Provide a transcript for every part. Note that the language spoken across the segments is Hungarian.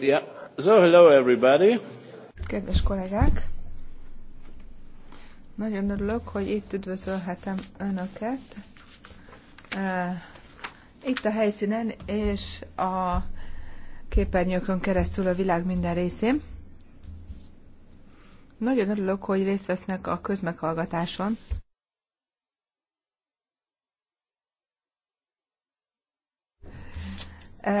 Yeah. So, hello everybody. Kedves kollégák! Nagyon örülök, hogy itt üdvözölhetem Önöket. E, itt a helyszínen és a képernyőkön keresztül a világ minden részén. Nagyon örülök, hogy részt vesznek a közmeghallgatáson.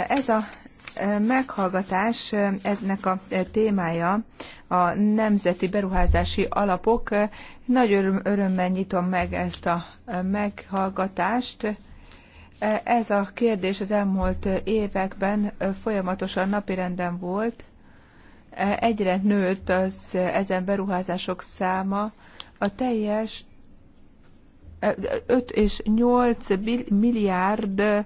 Ez a e, meghallgatás, eznek a e, témája a Nemzeti Beruházási Alapok. E, nagy öröm, örömmel nyitom meg ezt a meghallgatást. Ez a kérdés az elmúlt években folyamatosan napirenden volt. Egyre nőtt az ezen beruházások száma. A teljes 5 és 8 milliárd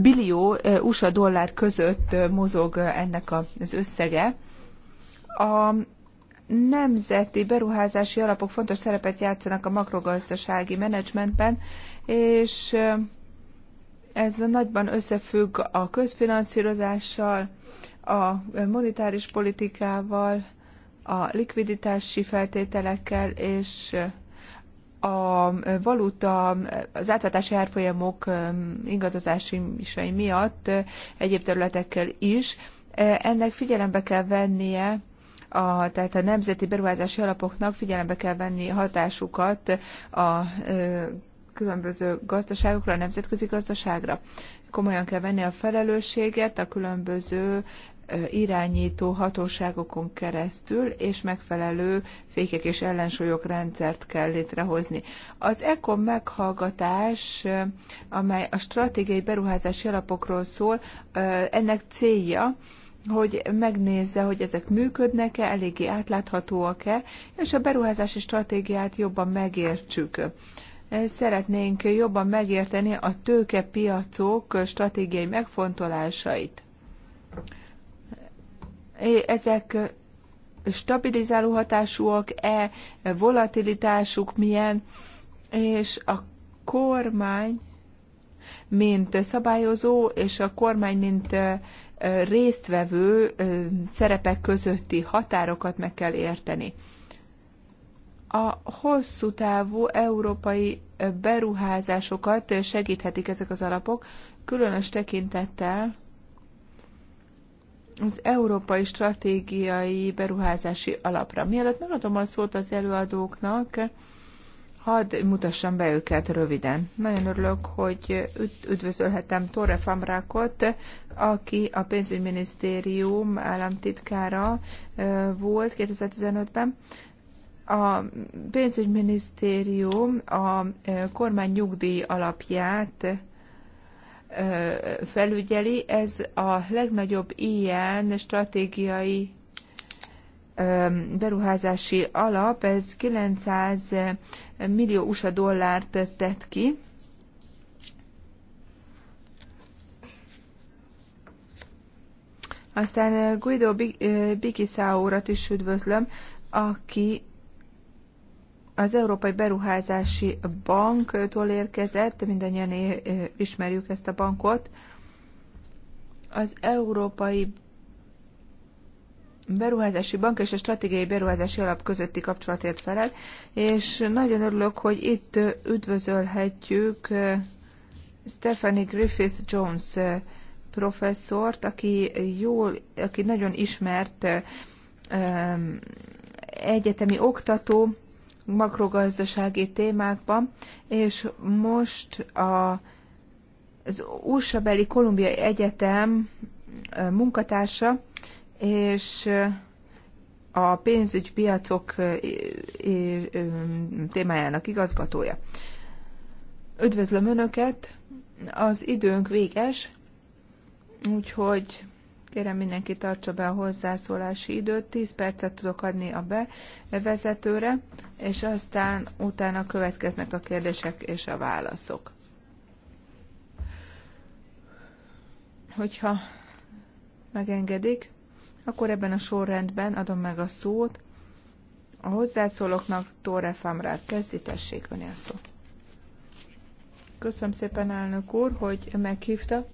billió USA dollár között mozog ennek az összege. A nemzeti beruházási alapok fontos szerepet játszanak a makrogazdasági menedzsmentben, és ez nagyban összefügg a közfinanszírozással, a monetáris politikával, a likviditási feltételekkel és a valuta, az átváltási árfolyamok um, ingadozásai miatt uh, egyéb területekkel is. Uh, ennek figyelembe kell vennie a, tehát a nemzeti beruházási alapoknak figyelembe kell venni hatásukat a ö, uh, különböző gazdaságokra, a nemzetközi gazdaságra. Komolyan kell venni a felelősséget, a különböző irányító hatóságokon keresztül, és megfelelő fékek és ellensúlyok rendszert kell létrehozni. Az ECOM meghallgatás, amely a stratégiai beruházási alapokról szól, ennek célja, hogy megnézze, hogy ezek működnek-e, eléggé átláthatóak-e, és a beruházási stratégiát jobban megértsük. Szeretnénk jobban megérteni a tőkepiacok stratégiai megfontolásait ezek stabilizáló hatásúak-e, volatilitásuk milyen, és a kormány, mint szabályozó, és a kormány, mint e, e, résztvevő e, szerepek közötti határokat meg kell érteni. A hosszú távú európai beruházásokat segíthetik ezek az alapok, különös tekintettel az Európai Stratégiai Beruházási Alapra. Mielőtt megadom a szót az előadóknak, hadd mutassam be őket röviden. Nagyon örülök, hogy üdvözölhetem Torre Famrákot, aki a pénzügyminisztérium államtitkára volt 2015-ben. A pénzügyminisztérium a kormány nyugdíj alapját felügyeli. Ez a legnagyobb ilyen stratégiai beruházási alap, ez 900 millió USA dollárt tett ki. Aztán Guido Bikisaurat is üdvözlöm, aki az Európai Beruházási Banktól érkezett, mindannyian ismerjük ezt a bankot. Az Európai Beruházási Bank és a Stratégiai Beruházási Alap közötti kapcsolatért felel, és nagyon örülök, hogy itt üdvözölhetjük Stephanie Griffith Jones professzort, aki jól, aki nagyon ismert egyetemi oktató, makrogazdasági témákban, és most a, az USA beli Kolumbiai Egyetem munkatársa, és a pénzügypiacok témájának igazgatója. Üdvözlöm Önöket! Az időnk véges, úgyhogy Kérem mindenki tartsa be a hozzászólási időt, 10 percet tudok adni a bevezetőre, és aztán utána következnek a kérdések és a válaszok. Hogyha megengedik, akkor ebben a sorrendben adom meg a szót a hozzászólóknak. Tóre Famrát kezdi, tessék szó. Köszönöm szépen, elnök úr, hogy meghívta.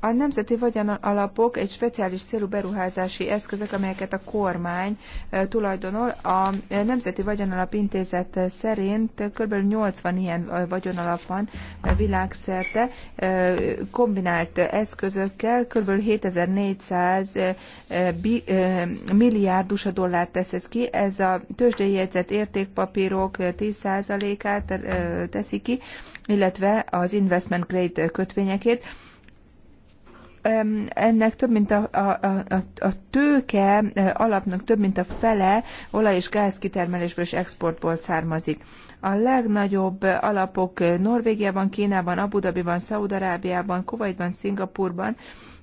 A nemzeti vagyonalapok egy speciális célú beruházási eszközök, amelyeket a kormány eh, tulajdonol. A eh, Nemzeti Vagyonalap Intézet eh, szerint kb. 80 ilyen vagyonalap van világszerte, kombinált eszközökkel kb. 7400 milliárd USA dollárt tesz ez ki. Ez a tőzsdei jegyzett értékpapírok 10%-át teszi ki, illetve az investment grade kötvényekét ennek több mint a, a, a, a tőke alapnak több mint a fele olaj- és gáz kitermelésből és exportból származik. A legnagyobb alapok Norvégiában, Kínában, Abu Dhabiban, Szaudarábiában, Kuwaitban, Szingapurban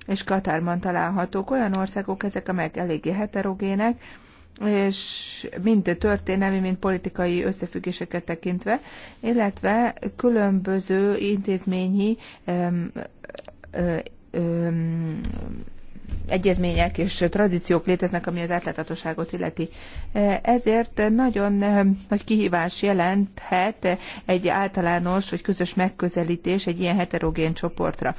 és Katárban találhatók. Olyan országok ezek, amelyek eléggé heterogének, és mind történelmi, mind politikai összefüggéseket tekintve, illetve különböző intézményi egyezmények és tradíciók léteznek, ami az átláthatóságot illeti. E, ezért nagyon nagy kihívás jelenthet egy általános vagy közös megközelítés egy ilyen heterogén csoportra.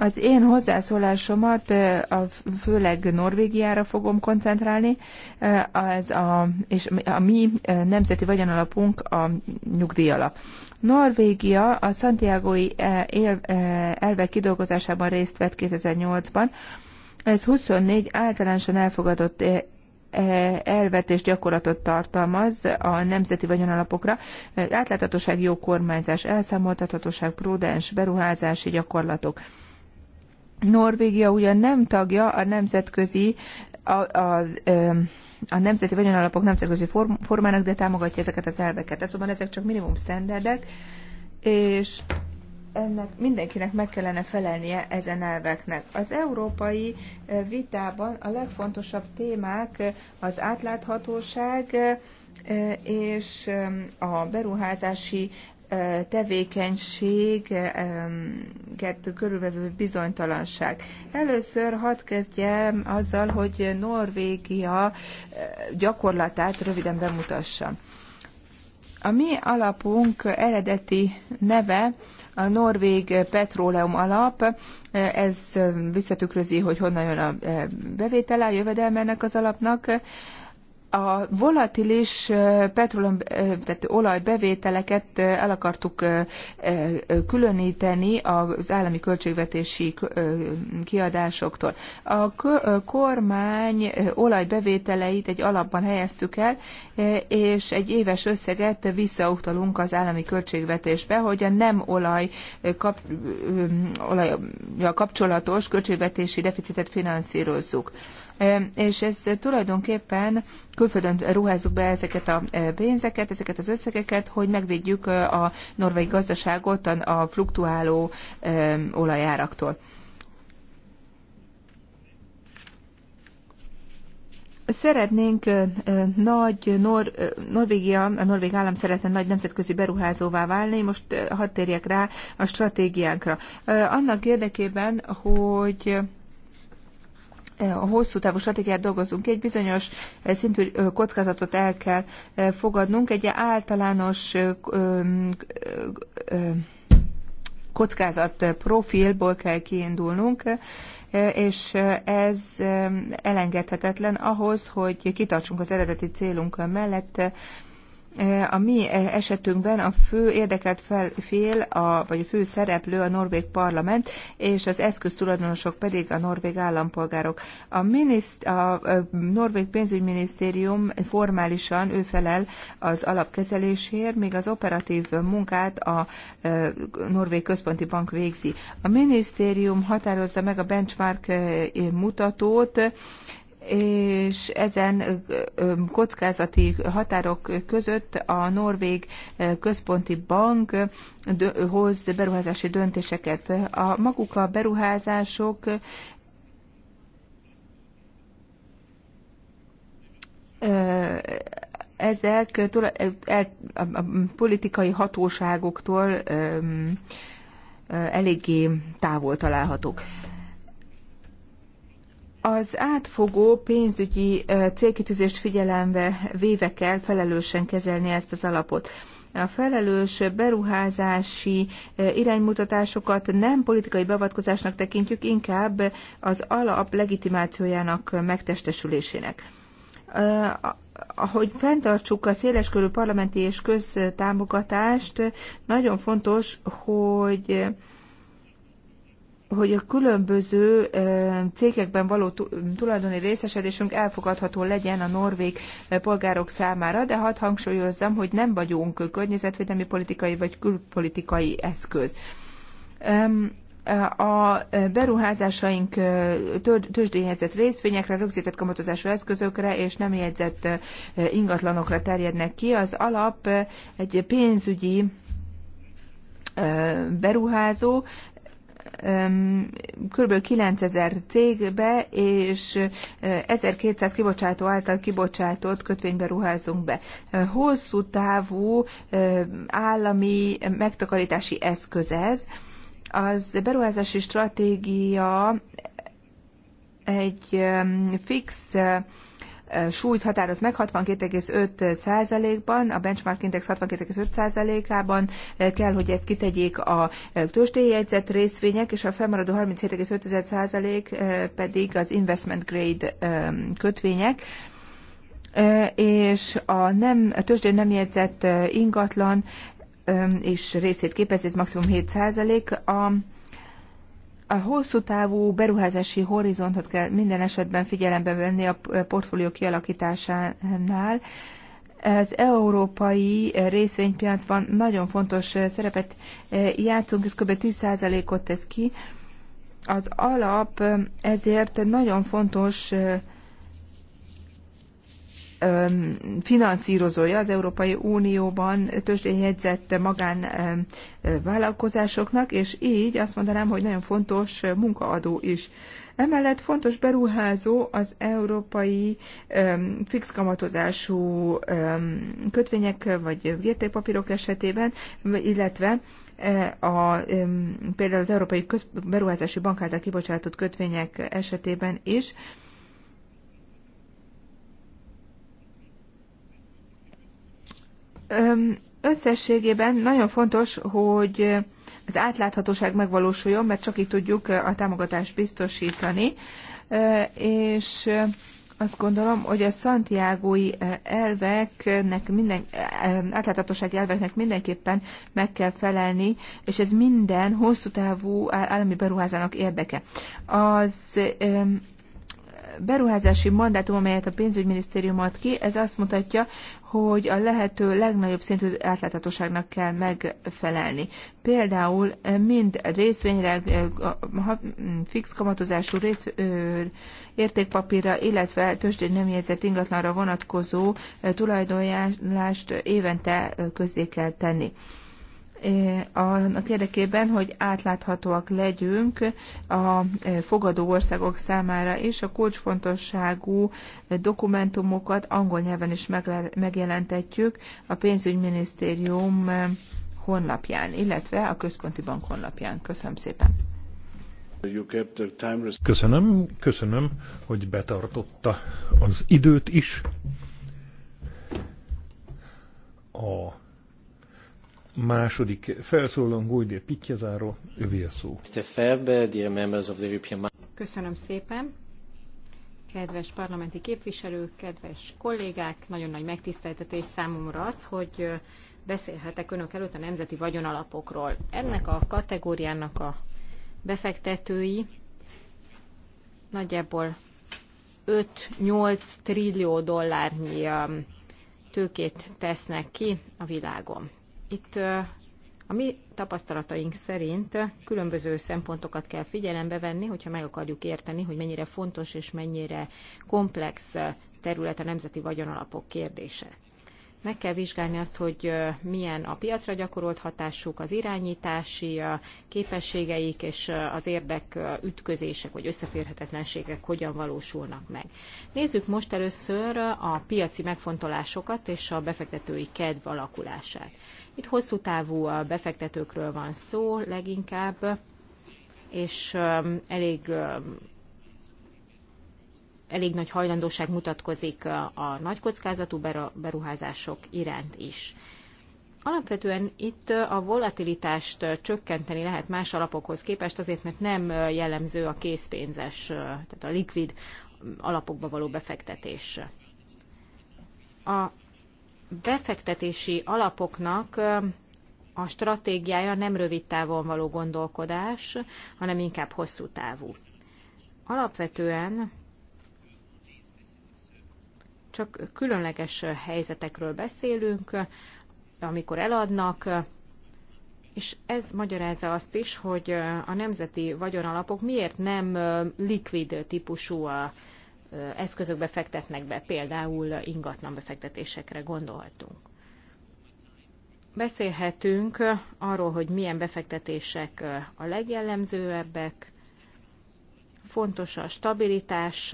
Az én hozzászólásomat a, főleg Norvégiára fogom koncentrálni, az a, és a mi nemzeti vagyonalapunk a nyugdíjalap. Norvégia a Santiagói elvek kidolgozásában részt vett 2008-ban. Ez 24 általánosan elfogadott elvet és gyakorlatot tartalmaz a nemzeti vagyonalapokra. Átláthatóság, jó kormányzás, elszámoltathatóság, prudens, beruházási gyakorlatok. Norvégia ugyan nem tagja a nemzetközi a, a, a nemzeti vagyonalapok nemzetközi form, formának, de támogatja ezeket az elveket. szóval ezek csak minimum standardek, és ennek mindenkinek meg kellene felelnie ezen elveknek. Az európai vitában a legfontosabb témák az átláthatóság és a beruházási tevékenységet körülvevő bizonytalanság. Először hadd kezdjem azzal, hogy Norvégia gyakorlatát röviden bemutassam. A mi alapunk eredeti neve a Norvég Petróleum Alap, ez visszatükrözi, hogy honnan jön a bevétele, a jövedelme ennek az alapnak a volatilis petrolum, tehát olajbevételeket el akartuk különíteni az állami költségvetési kiadásoktól. A kormány olajbevételeit egy alapban helyeztük el, és egy éves összeget visszautalunk az állami költségvetésbe, hogy a nem olaj kap, olajjal kapcsolatos költségvetési deficitet finanszírozzuk és ez tulajdonképpen külföldön ruházzuk be ezeket a pénzeket, ezeket az összegeket, hogy megvédjük a norvég gazdaságot a fluktuáló olajáraktól. Szeretnénk nagy, Nor, Norvégia, a norvég állam szeretne nagy nemzetközi beruházóvá válni, most hadd térjek rá a stratégiánkra. Annak érdekében, hogy a hosszú távú stratégiát dolgozunk egy bizonyos eh, szintű kockázatot el kell eh, fogadnunk, egy általános kockázat profilból kell kiindulnunk, eh, és ez elengedhetetlen ahhoz, hogy kitartsunk az eredeti célunk mellett, E, a mi e, esetünkben a fő érdekelt fel, fél, a, vagy a fő szereplő a norvég parlament, és az eszköztulajdonosok pedig a norvég állampolgárok. A, miniszt, a e, norvég pénzügyminisztérium formálisan ő felel az alapkezelésért, míg az operatív munkát a norvég központi bank végzi. A minisztérium határozza meg a benchmark mutatót, és ezen kockázati határok között a Norvég Központi Bank hoz beruházási döntéseket. A maguk a beruházások ezek a politikai hatóságoktól eléggé távol találhatók. Az átfogó pénzügyi célkitűzést figyelembe véve kell felelősen kezelni ezt az alapot a felelős beruházási iránymutatásokat nem politikai beavatkozásnak tekintjük, inkább az alap legitimációjának megtestesülésének. Ahogy fenntartsuk a széleskörű parlamenti és köztámogatást, nagyon fontos, hogy hogy a különböző cégekben való tulajdoni részesedésünk elfogadható legyen a norvég polgárok számára, de hadd hangsúlyozzam, hogy nem vagyunk környezetvédelmi politikai vagy külpolitikai eszköz. A beruházásaink tőzsdéjegyzett részvényekre, rögzített kamatozású eszközökre és nem jegyzett ingatlanokra terjednek ki. Az alap egy pénzügyi beruházó, kb. 9000 cégbe, és 1200 kibocsátó által kibocsátott kötvénybe ruházunk be. Hosszú távú állami megtakarítási eszköz ez. Az beruházási stratégia egy fix súlyt határoz meg 62,5%-ban, a benchmark index 62,5%-ában kell, hogy ezt kitegyék a tőzsdéjegyzett részvények, és a felmaradó 37,5% pedig az investment grade kötvények és a nem, a tőzsdén nem jegyzett ingatlan és részét képezi, ez maximum 7 százalék. A a hosszú távú beruházási horizontot kell minden esetben figyelembe venni a portfólió kialakításánál. Az európai részvénypiacban nagyon fontos szerepet játszunk, ez kb. 10%-ot tesz ki. Az alap ezért nagyon fontos finanszírozója az Európai Unióban tőzsdénjegyzett magánvállalkozásoknak, és így azt mondanám, hogy nagyon fontos munkaadó is. Emellett fontos beruházó az európai öm, fix kamatozású öm, kötvények vagy értékpapírok esetében, illetve e, a, például az Európai Beruházási Bank által kibocsátott kötvények esetében is. Öm, Összességében nagyon fontos, hogy az átláthatóság megvalósuljon, mert csak így tudjuk a támogatást biztosítani, és azt gondolom, hogy a szantiágói elveknek minden, átláthatósági elveknek mindenképpen meg kell felelni, és ez minden hosszú távú állami beruházának érdeke. Az beruházási mandátum, amelyet a pénzügyminisztérium ad ki, ez azt mutatja, hogy a lehető legnagyobb szintű átláthatóságnak kell megfelelni. Például eh, mind részvényre, eh, mm, fix kamatozású értékpapírra, illetve tőzsdén nem jegyzett ingatlanra vonatkozó eh, tulajdonlást évente közzé kell tenni. E, annak érdekében, hogy átláthatóak legyünk a e, fogadó országok számára, és a kulcsfontosságú dokumentumokat angol nyelven is megjelentetjük a pénzügyminisztérium honlapján, illetve a központi bank honlapján. Köszönöm szépen! Köszönöm, köszönöm, hogy betartotta az időt is. A Második felszólalom Guidier Pikjezáról, övé a szó. Köszönöm szépen. Kedves parlamenti képviselők, kedves kollégák, nagyon nagy megtiszteltetés számomra az, hogy beszélhetek önök előtt a nemzeti vagyonalapokról. Ennek a kategóriának a befektetői nagyjából 5-8 trillió dollárnyi tőkét tesznek ki a világon. Itt a mi tapasztalataink szerint különböző szempontokat kell figyelembe venni, hogyha meg akarjuk érteni, hogy mennyire fontos és mennyire komplex terület a nemzeti vagyonalapok kérdése. Meg kell vizsgálni azt, hogy milyen a piacra gyakorolt hatásuk, az irányítási képességeik és az érdek ütközések vagy összeférhetetlenségek hogyan valósulnak meg. Nézzük most először a piaci megfontolásokat és a befektetői kedv alakulását. Itt hosszú távú a befektetőkről van szó leginkább, és um, elég um, elég nagy hajlandóság mutatkozik uh, a nagy kockázatú beruházások iránt is. Alapvetően itt uh, a volatilitást uh, csökkenteni lehet más alapokhoz képest, azért mert nem jellemző a készpénzes, tehát a likvid um, alapokba való befektetés. A befektetési alapoknak a stratégiája nem rövid távon való gondolkodás, hanem inkább hosszú távú. Alapvetően csak különleges helyzetekről beszélünk, amikor eladnak, és ez magyarázza azt is, hogy a nemzeti vagyonalapok miért nem likvid típusú a eszközökbe fektetnek be, például ingatlan befektetésekre gondolhatunk. Beszélhetünk arról, hogy milyen befektetések a legjellemzőbbek? fontos a stabilitás,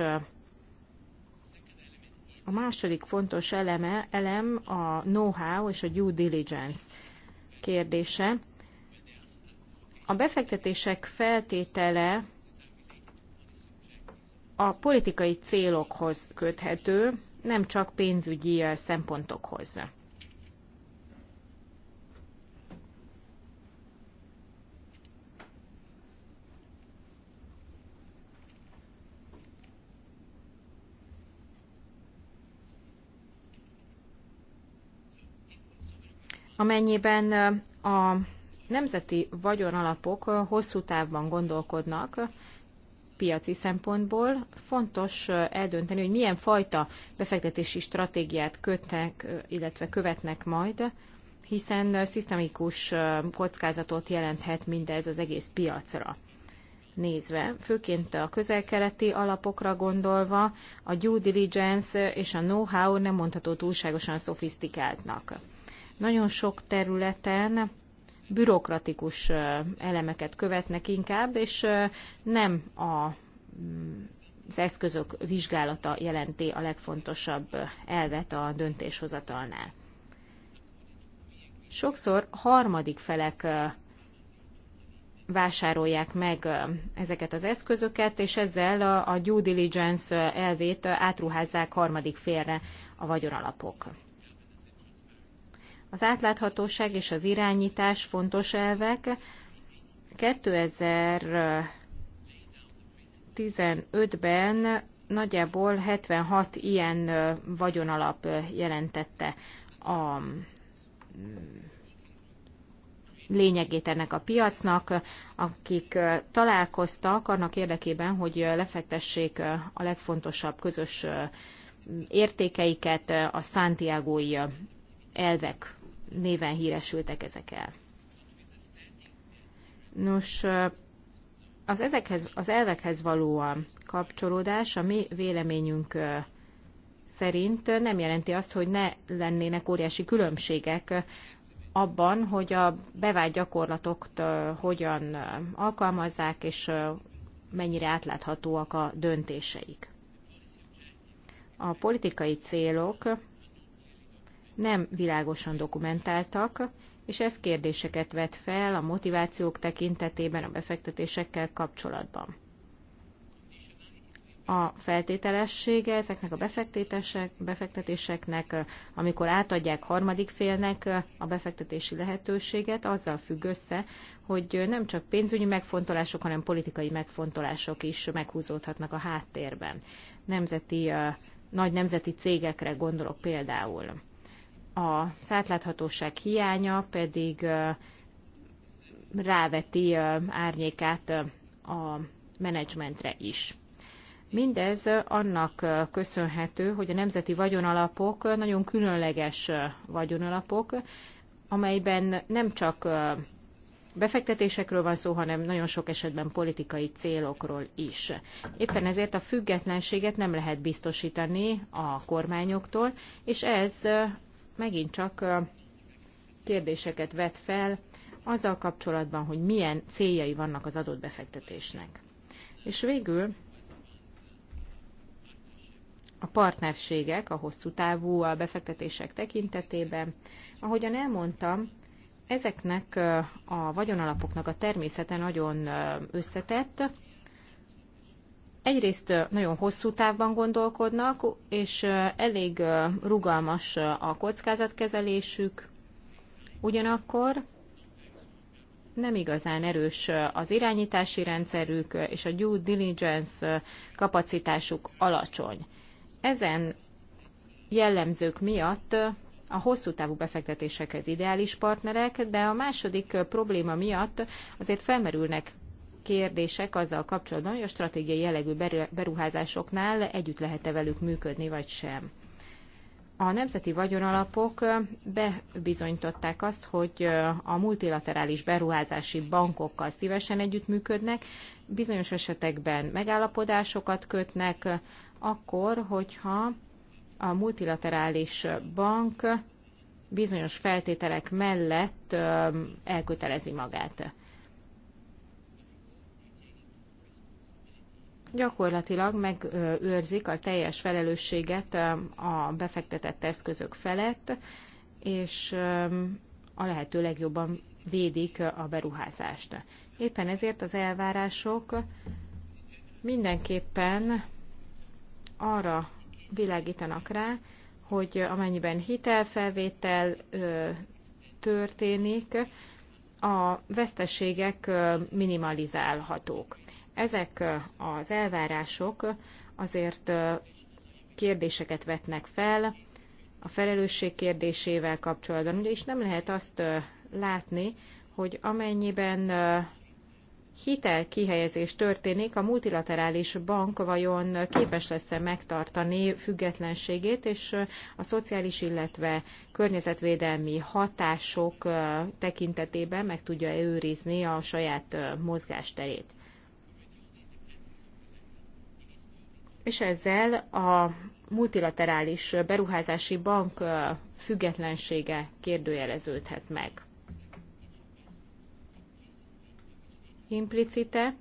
a második fontos eleme, elem a know-how és a due diligence kérdése. A befektetések feltétele a politikai célokhoz köthető, nem csak pénzügyi szempontokhoz. amennyiben a nemzeti vagyonalapok hosszú távban gondolkodnak, piaci szempontból fontos eldönteni, hogy milyen fajta befektetési stratégiát kötnek, illetve követnek majd, hiszen szisztemikus kockázatot jelenthet mindez az egész piacra nézve, főként a közelkeleti alapokra gondolva, a due diligence és a know-how nem mondható túlságosan szofisztikáltnak. Nagyon sok területen bürokratikus elemeket követnek inkább, és nem a mm, az eszközök vizsgálata jelenti a legfontosabb elvet a döntéshozatalnál. Sokszor harmadik felek vásárolják meg ezeket az eszközöket, és ezzel a due diligence elvét átruházzák harmadik félre a vagyonalapok. Az átláthatóság és az irányítás fontos elvek. 2015-ben nagyjából 76 ilyen vagyonalap jelentette a mm, lényegét ennek a piacnak, akik találkoztak annak érdekében, hogy lefektessék a legfontosabb közös értékeiket a Santiago-i elvek néven híresültek ezek el. Nos, az, ezekhez, az elvekhez való a kapcsolódás a mi véleményünk szerint nem jelenti azt, hogy ne lennének óriási különbségek abban, hogy a bevált gyakorlatokt hogyan alkalmazzák, és mennyire átláthatóak a döntéseik. A politikai célok nem világosan dokumentáltak, és ez kérdéseket vet fel a motivációk tekintetében a befektetésekkel kapcsolatban. A feltételessége ezeknek a befektetések, befektetéseknek, amikor átadják harmadik félnek a befektetési lehetőséget, azzal függ össze, hogy nem csak pénzügyi megfontolások, hanem politikai megfontolások is meghúzódhatnak a háttérben. Nemzeti, nagy nemzeti cégekre gondolok például a szátláthatóság hiánya pedig ráveti árnyékát a menedzsmentre is. Mindez annak köszönhető, hogy a nemzeti vagyonalapok nagyon különleges vagyonalapok, amelyben nem csak befektetésekről van szó, hanem nagyon sok esetben politikai célokról is. Éppen ezért a függetlenséget nem lehet biztosítani a kormányoktól, és ez megint csak kérdéseket vet fel azzal kapcsolatban, hogy milyen céljai vannak az adott befektetésnek. És végül a partnerségek a hosszú távú a befektetések tekintetében. Ahogyan elmondtam, ezeknek a vagyonalapoknak a természete nagyon összetett, egyrészt nagyon hosszú távban gondolkodnak, és elég rugalmas a kockázatkezelésük, ugyanakkor nem igazán erős az irányítási rendszerük, és a due diligence kapacitásuk alacsony. Ezen jellemzők miatt a hosszú távú befektetésekhez ideális partnerek, de a második probléma miatt azért felmerülnek kérdések azzal kapcsolatban, hogy a stratégiai jellegű beruházásoknál együtt lehet-e velük működni, vagy sem. A nemzeti vagyonalapok bebizonyították azt, hogy a multilaterális beruházási bankokkal szívesen együttműködnek, bizonyos esetekben megállapodásokat kötnek, akkor, hogyha a multilaterális bank bizonyos feltételek mellett elkötelezi magát. gyakorlatilag megőrzik a teljes felelősséget a befektetett eszközök felett, és a lehető legjobban védik a beruházást. Éppen ezért az elvárások mindenképpen arra világítanak rá, hogy amennyiben hitelfelvétel történik, a veszteségek minimalizálhatók. Ezek az elvárások azért kérdéseket vetnek fel a felelősség kérdésével kapcsolatban, ugyanis nem lehet azt látni, hogy amennyiben hitel kihelyezés történik, a multilaterális bank vajon képes lesz-e megtartani függetlenségét, és a szociális, illetve környezetvédelmi hatások tekintetében meg tudja őrizni a saját mozgásterét. és ezzel a multilaterális beruházási bank függetlensége kérdőjeleződhet meg. Implicite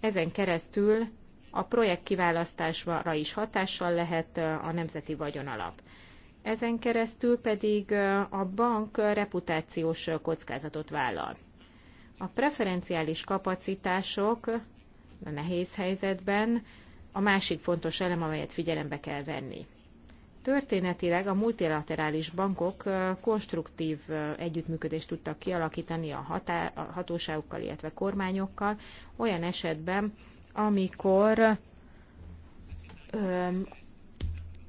ezen keresztül a projekt kiválasztásra is hatással lehet a nemzeti vagyonalap. Ezen keresztül pedig a bank reputációs kockázatot vállal. A preferenciális kapacitások a nehéz helyzetben a másik fontos elem, amelyet figyelembe kell venni. Történetileg a multilaterális bankok konstruktív együttműködést tudtak kialakítani a, hatá- a hatóságokkal, illetve kormányokkal olyan esetben, amikor öm,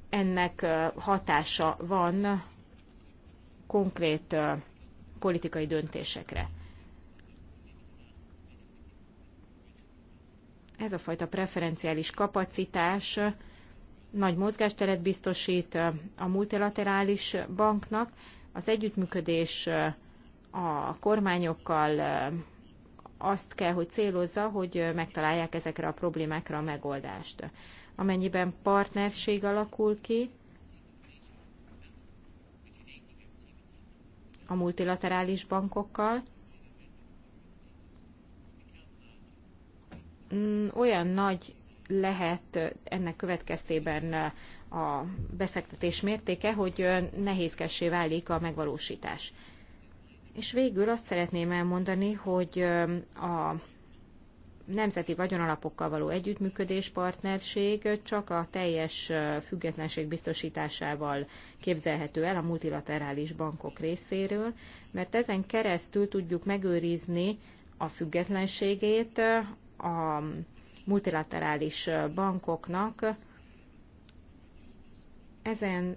ennek hatása van konkrét politikai döntésekre. Ez a fajta preferenciális kapacitás nagy mozgásteret biztosít a multilaterális banknak. Az együttműködés a kormányokkal azt kell, hogy célozza, hogy megtalálják ezekre a problémákra a megoldást. Amennyiben partnerség alakul ki, a multilaterális bankokkal, Mm, olyan nagy lehet ennek következtében a befektetés mértéke, hogy nehézkessé válik a megvalósítás. És végül azt szeretném elmondani, hogy a nemzeti vagyonalapokkal való együttműködés, partnerség csak a teljes függetlenség biztosításával képzelhető el a multilaterális bankok részéről, mert ezen keresztül tudjuk megőrizni a függetlenségét a multilaterális bankoknak. Ezen,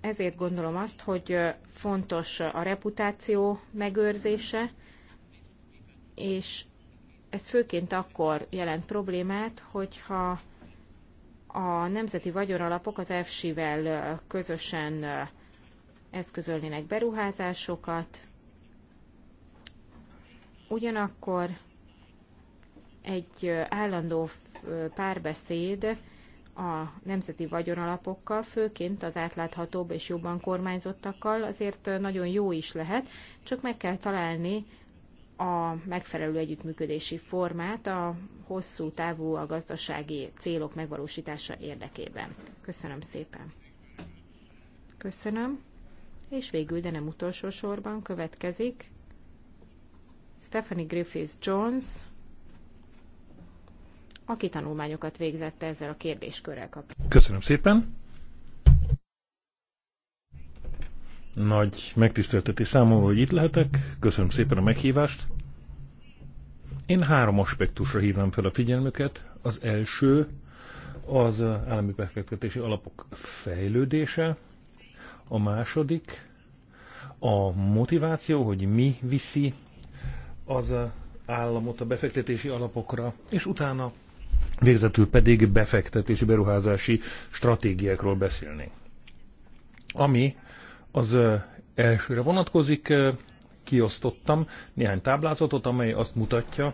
ezért gondolom azt, hogy fontos a reputáció megőrzése, és ez főként akkor jelent problémát, hogyha a nemzeti vagyonalapok az EFSI-vel közösen eszközölnének beruházásokat, ugyanakkor egy állandó párbeszéd a nemzeti vagyonalapokkal, főként az átláthatóbb és jobban kormányzottakkal, azért nagyon jó is lehet, csak meg kell találni a megfelelő együttműködési formát a hosszú távú a gazdasági célok megvalósítása érdekében. Köszönöm szépen. Köszönöm. És végül, de nem utolsó sorban következik Stephanie Griffiths Jones, aki tanulmányokat végzett ezzel a kérdéskörrel kapcsolatban. Köszönöm szépen! Nagy megtiszteltetés számomra, hogy itt lehetek. Köszönöm szépen a meghívást. Én három aspektusra hívnám fel a figyelmüket. Az első az állami befektetési alapok fejlődése, a második a motiváció, hogy mi viszi az államot a befektetési alapokra, és utána Végzetül pedig befektetési, beruházási stratégiákról beszélnénk. Ami az elsőre vonatkozik, kiosztottam néhány táblázatot, amely azt mutatja,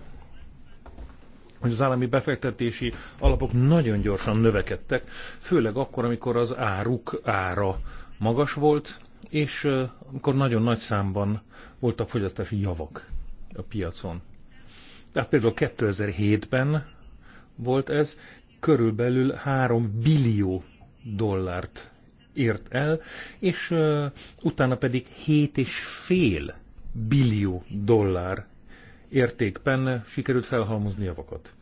hogy az állami befektetési alapok nagyon gyorsan növekedtek, főleg akkor, amikor az áruk ára magas volt, és amikor nagyon nagy számban voltak fogyasztási javak a piacon. Tehát például 2007-ben volt ez, körülbelül 3 billió dollárt ért el, és uh, utána pedig 7,5 billió dollár értékben sikerült felhalmozni javakat.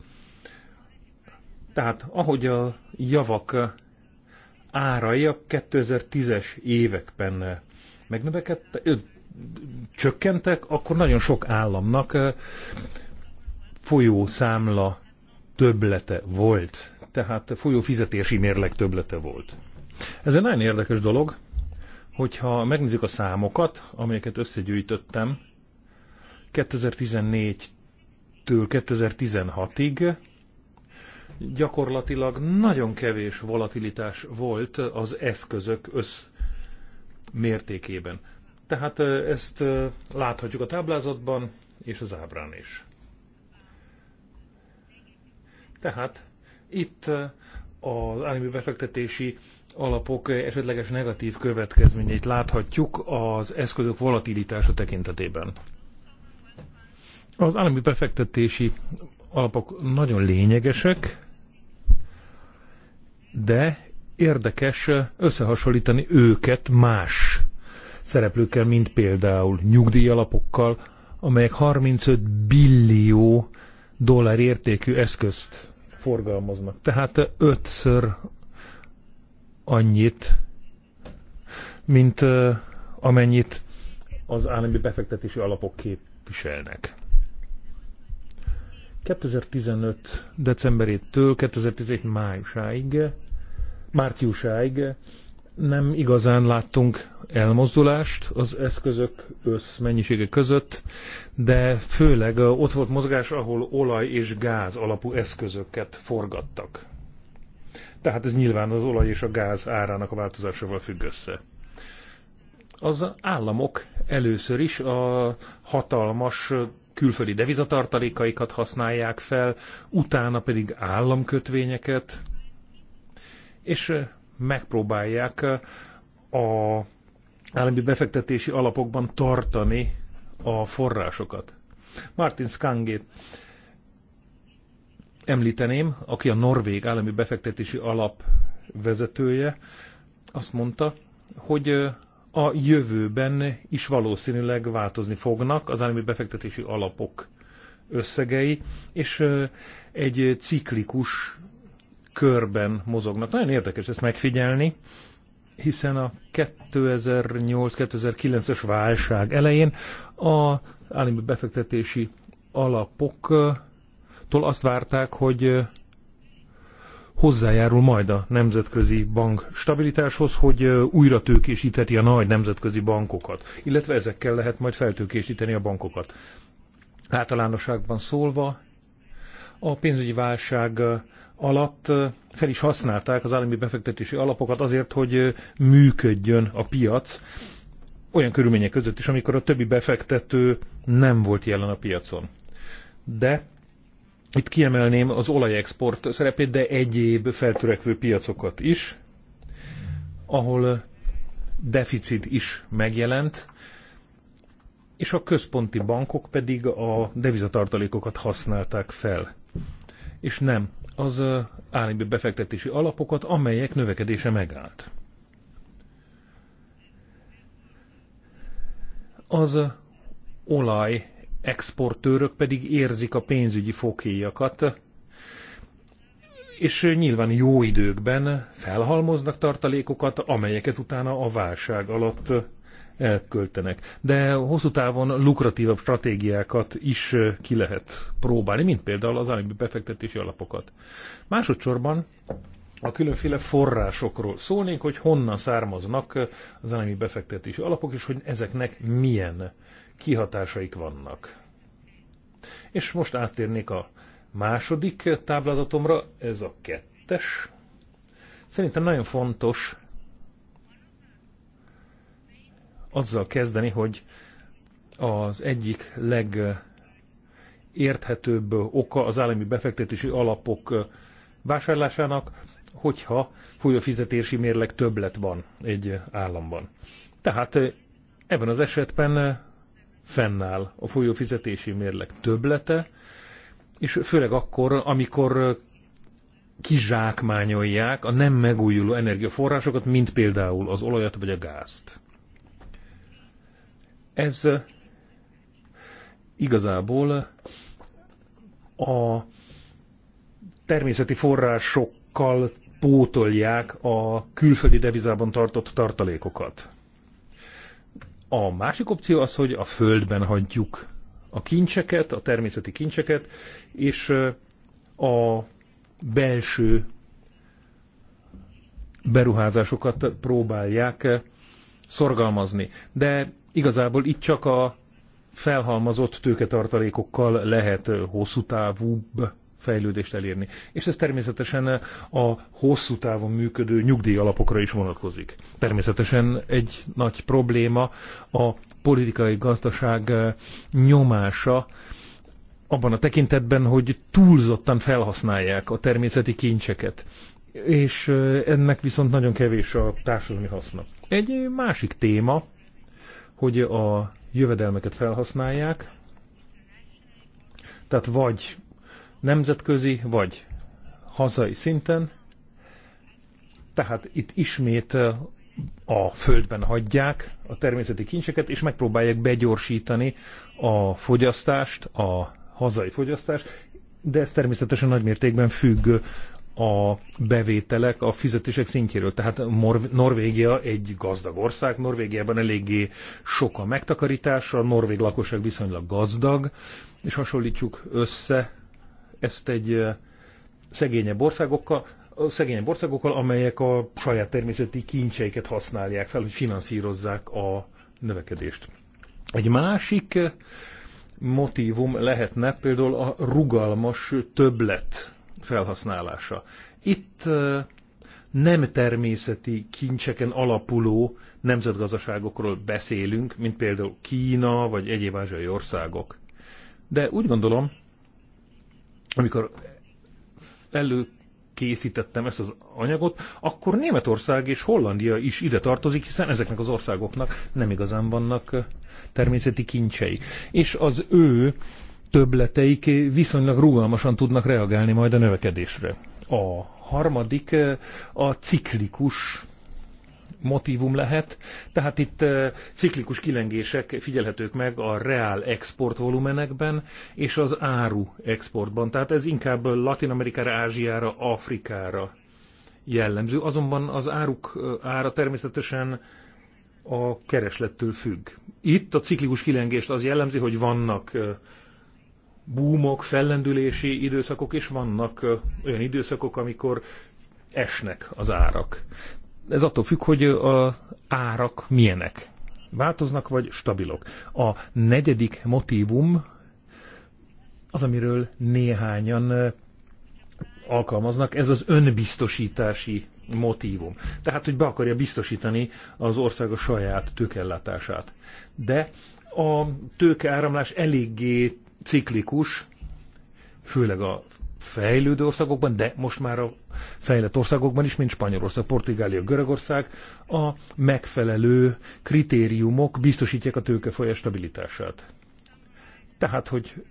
Tehát ahogy a javak árai a 2010-es években megnövekedtek, csökkentek, akkor nagyon sok államnak folyószámla töblete volt, tehát folyó fizetési mérleg töblete volt. Ez egy nagyon érdekes dolog, hogyha megnézzük a számokat, amelyeket összegyűjtöttem, 2014-től 2016-ig gyakorlatilag nagyon kevés volatilitás volt az eszközök össz mértékében. Tehát eh, ezt eh, láthatjuk a táblázatban és az ábrán is. Tehát itt eh, az állami befektetési alapok eh, esetleges negatív következményeit láthatjuk az eszközök volatilitása tekintetében. Az állami befektetési alapok nagyon lényegesek, de érdekes eh, összehasonlítani őket más szereplőkkel, mint például nyugdíjalapokkal, amelyek 35 billió dollár értékű eszközt forgalmaznak. Tehát ötször annyit, mint amennyit az állami befektetési alapok képviselnek. 2015. decemberétől 2017. májusáig, márciusáig nem igazán láttunk elmozdulást az eszközök összmennyisége között, de főleg ott volt mozgás, ahol olaj és gáz alapú eszközöket forgattak. Tehát ez nyilván az olaj és a gáz árának a változásával függ össze. Az államok először is a hatalmas külföldi devizatartalékaikat használják fel, utána pedig államkötvényeket, és megpróbálják a állami befektetési alapokban tartani a forrásokat. Martin Skangét említeném, aki a Norvég állami befektetési alap vezetője, azt mondta, hogy a jövőben is valószínűleg változni fognak az állami befektetési alapok összegei, és egy ciklikus körben mozognak. Nagyon érdekes ezt megfigyelni, hiszen a 2008-2009-es válság elején a állami befektetési alapoktól azt várták, hogy hozzájárul majd a nemzetközi bank stabilitáshoz, hogy újra tőkésíteti a nagy nemzetközi bankokat, illetve ezekkel lehet majd feltőkésíteni a bankokat. Általánosságban szólva, a pénzügyi válság alatt fel is használták az állami befektetési alapokat azért, hogy működjön a piac olyan körülmények között is, amikor a többi befektető nem volt jelen a piacon. De itt kiemelném az olajexport szerepét, de egyéb feltörekvő piacokat is, ahol deficit is megjelent, és a központi bankok pedig a devizatartalékokat használták fel, és nem az állami befektetési alapokat, amelyek növekedése megállt. Az olaj exportőrök pedig érzik a pénzügyi fokéjakat, és nyilván jó időkben felhalmoznak tartalékokat, amelyeket utána a válság alatt elköltenek. De hosszú távon lukratívabb stratégiákat is ki lehet próbálni, mint például az állami befektetési alapokat. Másodszorban a különféle forrásokról szólnék, hogy honnan származnak az állami befektetési alapok, és hogy ezeknek milyen kihatásaik vannak. És most áttérnék a második táblázatomra, ez a kettes. Szerintem nagyon fontos azzal kezdeni, hogy az egyik legérthetőbb oka az állami befektetési alapok vásárlásának, hogyha folyófizetési mérleg többlet van egy államban. Tehát ebben az esetben fennáll a folyófizetési mérleg töblete, és főleg akkor, amikor kizsákmányolják a nem megújuló energiaforrásokat, mint például az olajat vagy a gázt. Ez eh, igazából eh, a természeti forrásokkal pótolják a külföldi devizában tartott tartalékokat. A másik opció az, hogy a földben hagyjuk a kincseket, a természeti kincseket, és eh, a belső beruházásokat próbálják szorgalmazni. De Igazából itt csak a felhalmazott tőketartalékokkal lehet hosszú távúbb fejlődést elérni. És ez természetesen a hosszú távon működő nyugdíjalapokra is vonatkozik. Természetesen egy nagy probléma a politikai gazdaság nyomása abban a tekintetben, hogy túlzottan felhasználják a természeti kincseket. És ennek viszont nagyon kevés a társadalmi haszna. Egy másik téma, hogy a jövedelmeket felhasználják, tehát vagy nemzetközi, vagy hazai szinten, tehát itt ismét a földben hagyják a természeti kincseket, és megpróbálják begyorsítani a fogyasztást, a hazai fogyasztást, de ez természetesen nagymértékben függ a bevételek a fizetések szintjéről. Tehát Norvégia egy gazdag ország, Norvégiában eléggé sok a megtakarítás, a norvég lakosság viszonylag gazdag, és hasonlítsuk össze ezt egy szegényebb országokkal, a szegényebb országokkal, amelyek a saját természeti kincseiket használják fel, hogy finanszírozzák a növekedést. Egy másik motívum lehetne például a rugalmas többlet felhasználása. Itt nem természeti kincseken alapuló nemzetgazdaságokról beszélünk, mint például Kína vagy egyéb ázsiai országok. De úgy gondolom, amikor előkészítettem ezt az anyagot, akkor Németország és Hollandia is ide tartozik, hiszen ezeknek az országoknak nem igazán vannak természeti kincsei. És az ő többleteik viszonylag rugalmasan tudnak reagálni majd a növekedésre. A harmadik eh, a ciklikus motivum lehet, tehát itt eh, ciklikus kilengések figyelhetők meg a reál export volumenekben és az áru exportban, tehát ez inkább Latin Amerikára, Ázsiára, Afrikára jellemző, azonban az áruk eh, ára természetesen a kereslettől függ. Itt a ciklikus kilengést az jellemzi, hogy vannak búmok, fellendülési időszakok, és vannak olyan időszakok, amikor esnek az árak. Ez attól függ, hogy az árak milyenek. Változnak vagy stabilok. A negyedik motívum az, amiről néhányan alkalmaznak, ez az önbiztosítási motívum. Tehát, hogy be akarja biztosítani az ország a saját tőkellátását. De a tőkeáramlás eléggé ciklikus, főleg a fejlődő országokban, de most már a fejlett országokban is, mint Spanyolország, Portugália, Görögország, a megfelelő kritériumok biztosítják a tőkefolyás stabilitását. Tehát, hogy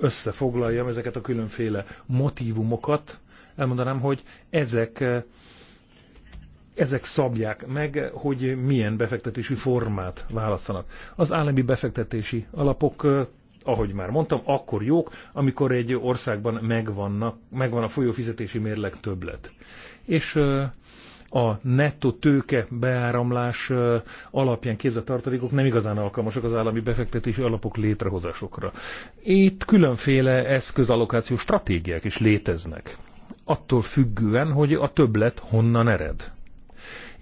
összefoglaljam ezeket a különféle motivumokat, elmondanám, hogy ezek ezek szabják meg, hogy milyen befektetési formát választanak. Az állami befektetési alapok ahogy már mondtam, akkor jók, amikor egy országban megvannak, megvan a folyófizetési mérleg többlet. És a nettó tőke beáramlás alapján képzett tartalékok nem igazán alkalmasak az állami befektetési alapok létrehozásokra. Itt különféle eszközallokációs stratégiák is léteznek. Attól függően, hogy a többlet honnan ered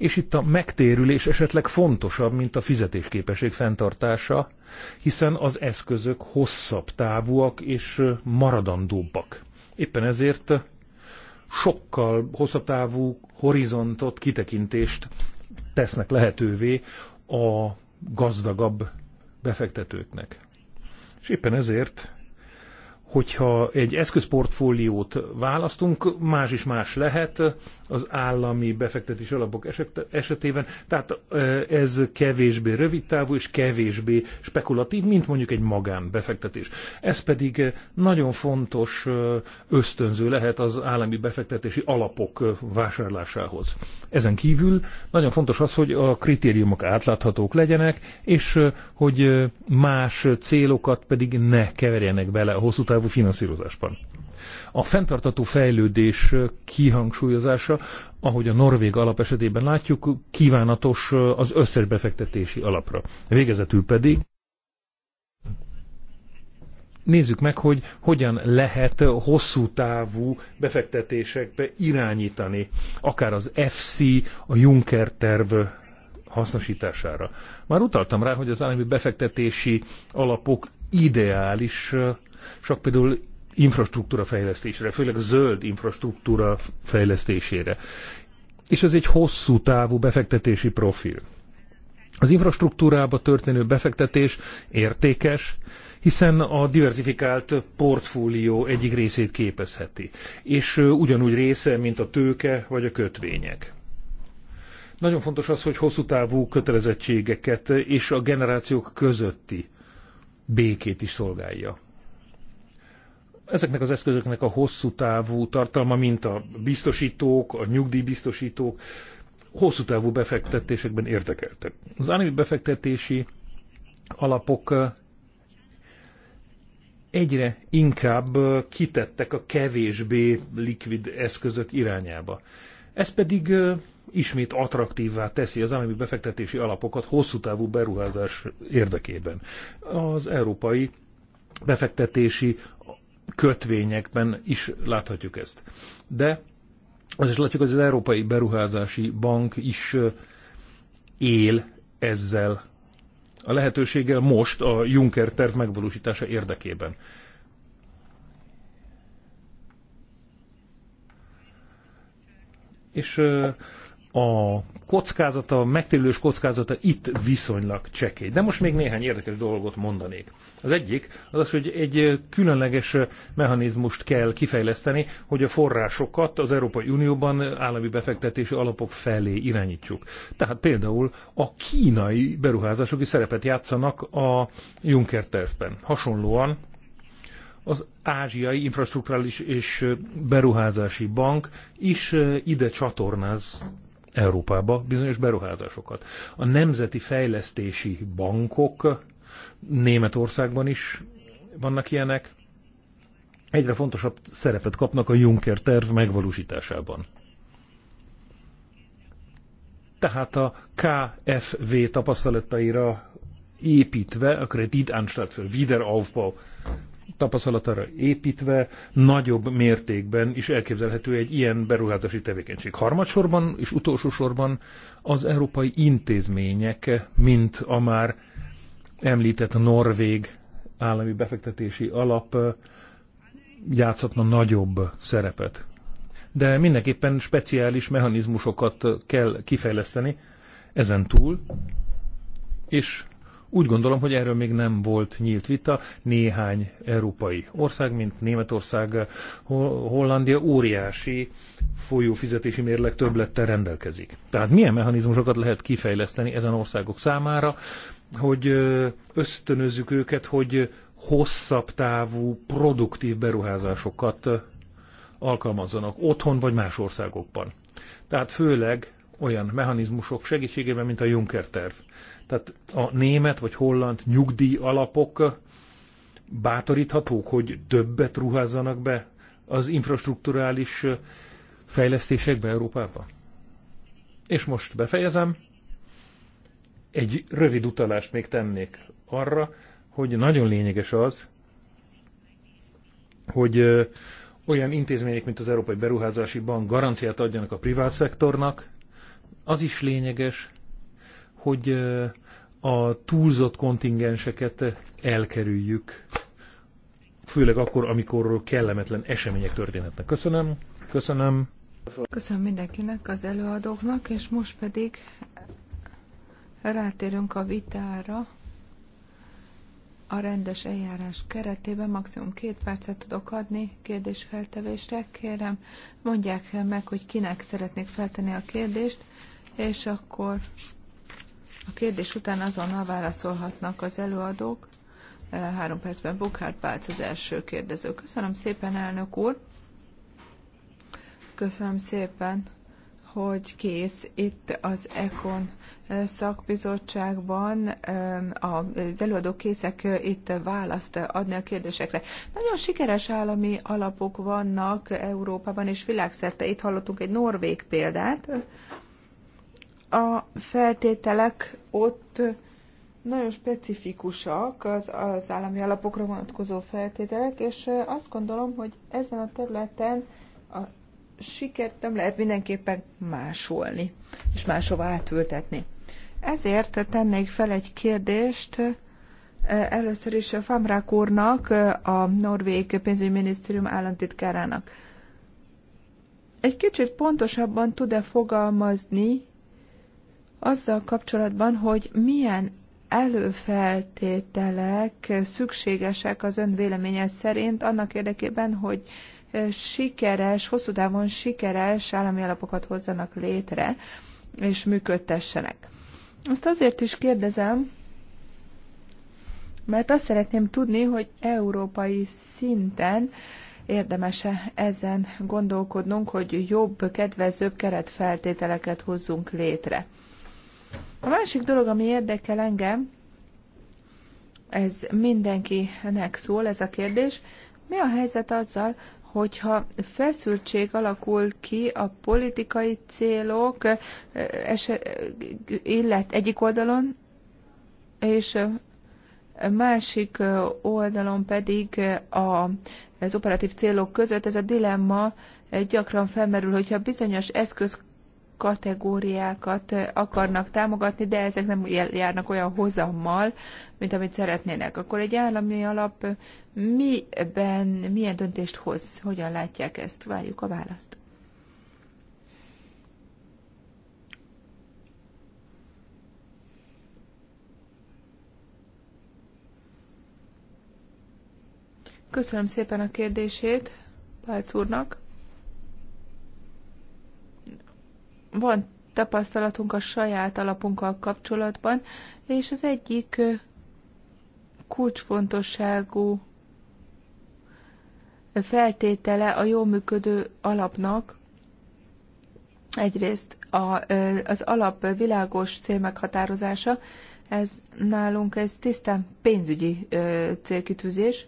és itt a megtérülés esetleg fontosabb, mint a fizetésképesség fenntartása, hiszen az eszközök hosszabb távúak és maradandóbbak. Éppen ezért sokkal hosszabb távú horizontot, kitekintést tesznek lehetővé a gazdagabb befektetőknek. És éppen ezért hogyha egy eszközportfóliót választunk, más is más lehet az állami befektetés alapok esetében, tehát ez kevésbé rövidtávú és kevésbé spekulatív, mint mondjuk egy magánbefektetés. Ez pedig nagyon fontos ösztönző lehet az állami befektetési alapok vásárlásához. Ezen kívül nagyon fontos az, hogy a kritériumok átláthatók legyenek, és hogy más célokat pedig ne keverjenek bele a hosszú távú távú finanszírozásban. A fenntartató fejlődés kihangsúlyozása, ahogy a Norvég alap esetében látjuk, kívánatos az összes befektetési alapra. Végezetül pedig nézzük meg, hogy hogyan lehet hosszú távú befektetésekbe irányítani, akár az FC, a Juncker terv hasznosítására. Már utaltam rá, hogy az állami befektetési alapok ideális csak például infrastruktúra fejlesztésére, főleg zöld infrastruktúra fejlesztésére. És ez egy hosszú távú befektetési profil. Az infrastruktúrába történő befektetés értékes, hiszen a diversifikált portfólió egyik részét képezheti, és ugyanúgy része, mint a tőke vagy a kötvények. Nagyon fontos az, hogy hosszú távú kötelezettségeket és a generációk közötti békét is szolgálja ezeknek az eszközöknek a hosszú távú tartalma, mint a biztosítók, a nyugdíjbiztosítók, hosszú távú befektetésekben érdekeltek. Az állami befektetési alapok eh, egyre inkább eh, kitettek a kevésbé likvid eszközök irányába. Ez pedig eh, ismét attraktívvá teszi az állami befektetési alapokat hosszú távú beruházás érdekében. Az európai befektetési kötvényekben is láthatjuk ezt. De az is látjuk, hogy az Európai Beruházási Bank is él ezzel a lehetőséggel most a Juncker terv megvalósítása érdekében. És a kockázata, a megtérülős kockázata itt viszonylag csekély. De most még néhány érdekes dolgot mondanék. Az egyik az az, hogy egy különleges mechanizmust kell kifejleszteni, hogy a forrásokat az Európai Unióban állami befektetési alapok felé irányítsuk. Tehát például a kínai beruházások is szerepet játszanak a Juncker tervben. Hasonlóan az Ázsiai Infrastruktúrális és Beruházási Bank is ide csatornáz Európába bizonyos beruházásokat. A nemzeti fejlesztési bankok Németországban is vannak ilyenek, egyre fontosabb szerepet kapnak a Juncker terv megvalósításában. Tehát a KFV tapasztalataira építve a Kreditanstalt für Wiederaufbau tapasztalatára építve nagyobb mértékben is elképzelhető egy ilyen beruházási tevékenység. Harmadsorban és utolsó sorban az európai intézmények, mint a már említett norvég állami befektetési alap játszhatna nagyobb szerepet. De mindenképpen speciális mechanizmusokat kell kifejleszteni ezen túl, és úgy gondolom, hogy erről még nem volt nyílt vita. Néhány európai ország, mint Németország, Hollandia óriási folyófizetési mérleg többlettel rendelkezik. Tehát milyen mechanizmusokat lehet kifejleszteni ezen országok számára, hogy ösztönözzük őket, hogy hosszabb távú, produktív beruházásokat alkalmazzanak otthon vagy más országokban. Tehát főleg olyan mechanizmusok segítségével, mint a Juncker terv. Tehát a német vagy holland nyugdíj alapok bátoríthatók, hogy többet ruházzanak be az infrastruktúrális fejlesztésekbe Európába? És most befejezem. Egy rövid utalást még tennék arra, hogy nagyon lényeges az, hogy olyan intézmények, mint az Európai Beruházási Bank garanciát adjanak a privát szektornak, az is lényeges, hogy a túlzott kontingenseket elkerüljük, főleg akkor, amikor kellemetlen események történhetnek. Köszönöm, köszönöm. Köszönöm mindenkinek, az előadóknak, és most pedig rátérünk a vitára a rendes eljárás keretében maximum két percet tudok adni kérdésfeltevésre. Kérem, mondják meg, hogy kinek szeretnék feltenni a kérdést, és akkor a kérdés után azonnal válaszolhatnak az előadók. E, három percben Bukhár Pálc az első kérdező. Köszönöm szépen, elnök úr. Köszönöm szépen, hogy kész itt az ECON e, szakbizottságban e, az előadók készek itt választ adni a kérdésekre. Nagyon sikeres állami alapok vannak Európában és világszerte. Itt hallottunk egy norvég példát, a feltételek ott nagyon specifikusak az, az állami alapokra vonatkozó feltételek, és azt gondolom, hogy ezen a területen a sikert nem lehet mindenképpen másolni, és máshova átültetni. Ezért tennék fel egy kérdést először is Famrák úrnak, a Norvég pénzügyminisztérium államtitkárának. Egy kicsit pontosabban tud-e fogalmazni azzal kapcsolatban, hogy milyen előfeltételek szükségesek az ön véleménye szerint annak érdekében, hogy sikeres, hosszú távon sikeres állami alapokat hozzanak létre és működtessenek. Azt azért is kérdezem, mert azt szeretném tudni, hogy európai szinten érdemese ezen gondolkodnunk, hogy jobb, kedvezőbb keretfeltételeket hozzunk létre. A másik dolog, ami érdekel engem, ez mindenkinek szól ez a kérdés, mi a helyzet azzal, hogyha feszültség alakul ki a politikai célok eh, illet egyik oldalon, és eh, másik eh, oldalon pedig a, az operatív célok között ez a dilemma gyakran felmerül, hogyha bizonyos eszköz kategóriákat akarnak támogatni, de ezek nem járnak olyan hozammal, mint amit szeretnének. Akkor egy állami alap miben, milyen döntést hoz? Hogyan látják ezt? Várjuk a választ. Köszönöm szépen a kérdését Pálc úrnak. van tapasztalatunk a saját alapunkkal kapcsolatban, és az egyik kulcsfontosságú feltétele a jól működő alapnak, egyrészt a, az alap világos célmeghatározása, ez nálunk ez tisztán pénzügyi célkitűzés,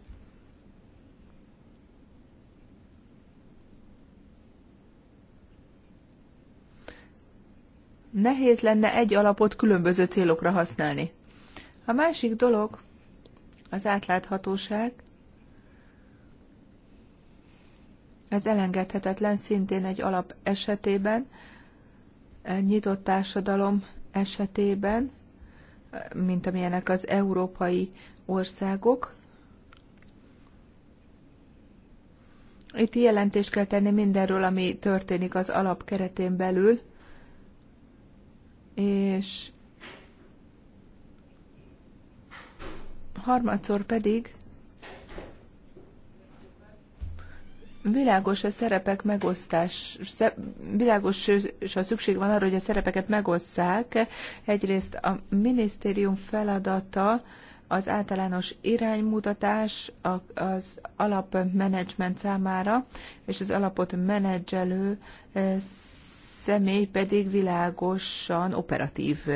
nehéz lenne egy alapot különböző célokra használni. A másik dolog az átláthatóság. Ez elengedhetetlen szintén egy alap esetében, nyitott társadalom esetében, mint amilyenek az európai országok. Itt jelentést kell tenni mindenről, ami történik az alap keretén belül, és harmadszor pedig világos a szerepek megosztás, világos és a szükség van arra, hogy a szerepeket megosszák. Egyrészt a minisztérium feladata az általános iránymutatás az alapmenedzsment számára, és az alapot menedzselő eh, személy pedig világosan operatív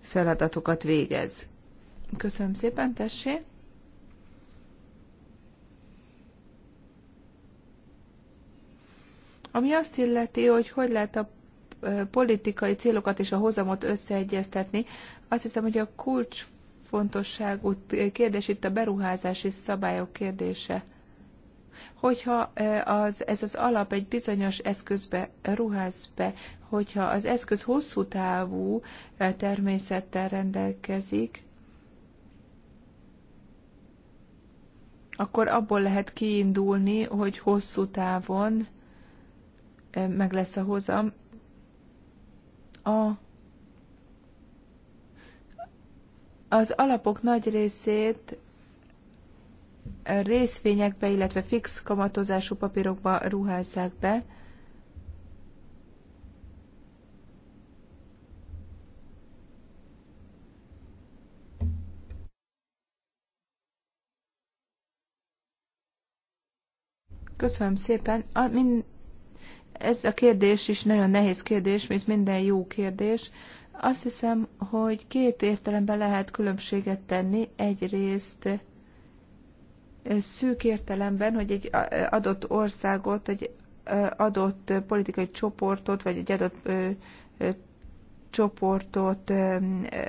feladatokat végez. Köszönöm szépen, tessé! Ami azt illeti, hogy hogy lehet a politikai célokat és a hozamot összeegyeztetni, azt hiszem, hogy a kulcsfontosságú kérdés itt a beruházási szabályok kérdése. Hogyha e, az, ez az alap egy bizonyos eszközbe ruház be, hogyha az eszköz hosszú távú e, természettel rendelkezik, akkor abból lehet kiindulni, hogy hosszú távon e, meg lesz a hozam. A, az alapok nagy részét részvényekbe, illetve fix kamatozású papírokba ruházzák be. Köszönöm szépen. A, min, ez a kérdés is nagyon nehéz kérdés, mint minden jó kérdés. Azt hiszem, hogy két értelemben lehet különbséget tenni. Egyrészt szűk értelemben, hogy egy adott országot, egy adott politikai csoportot, vagy egy adott csoportot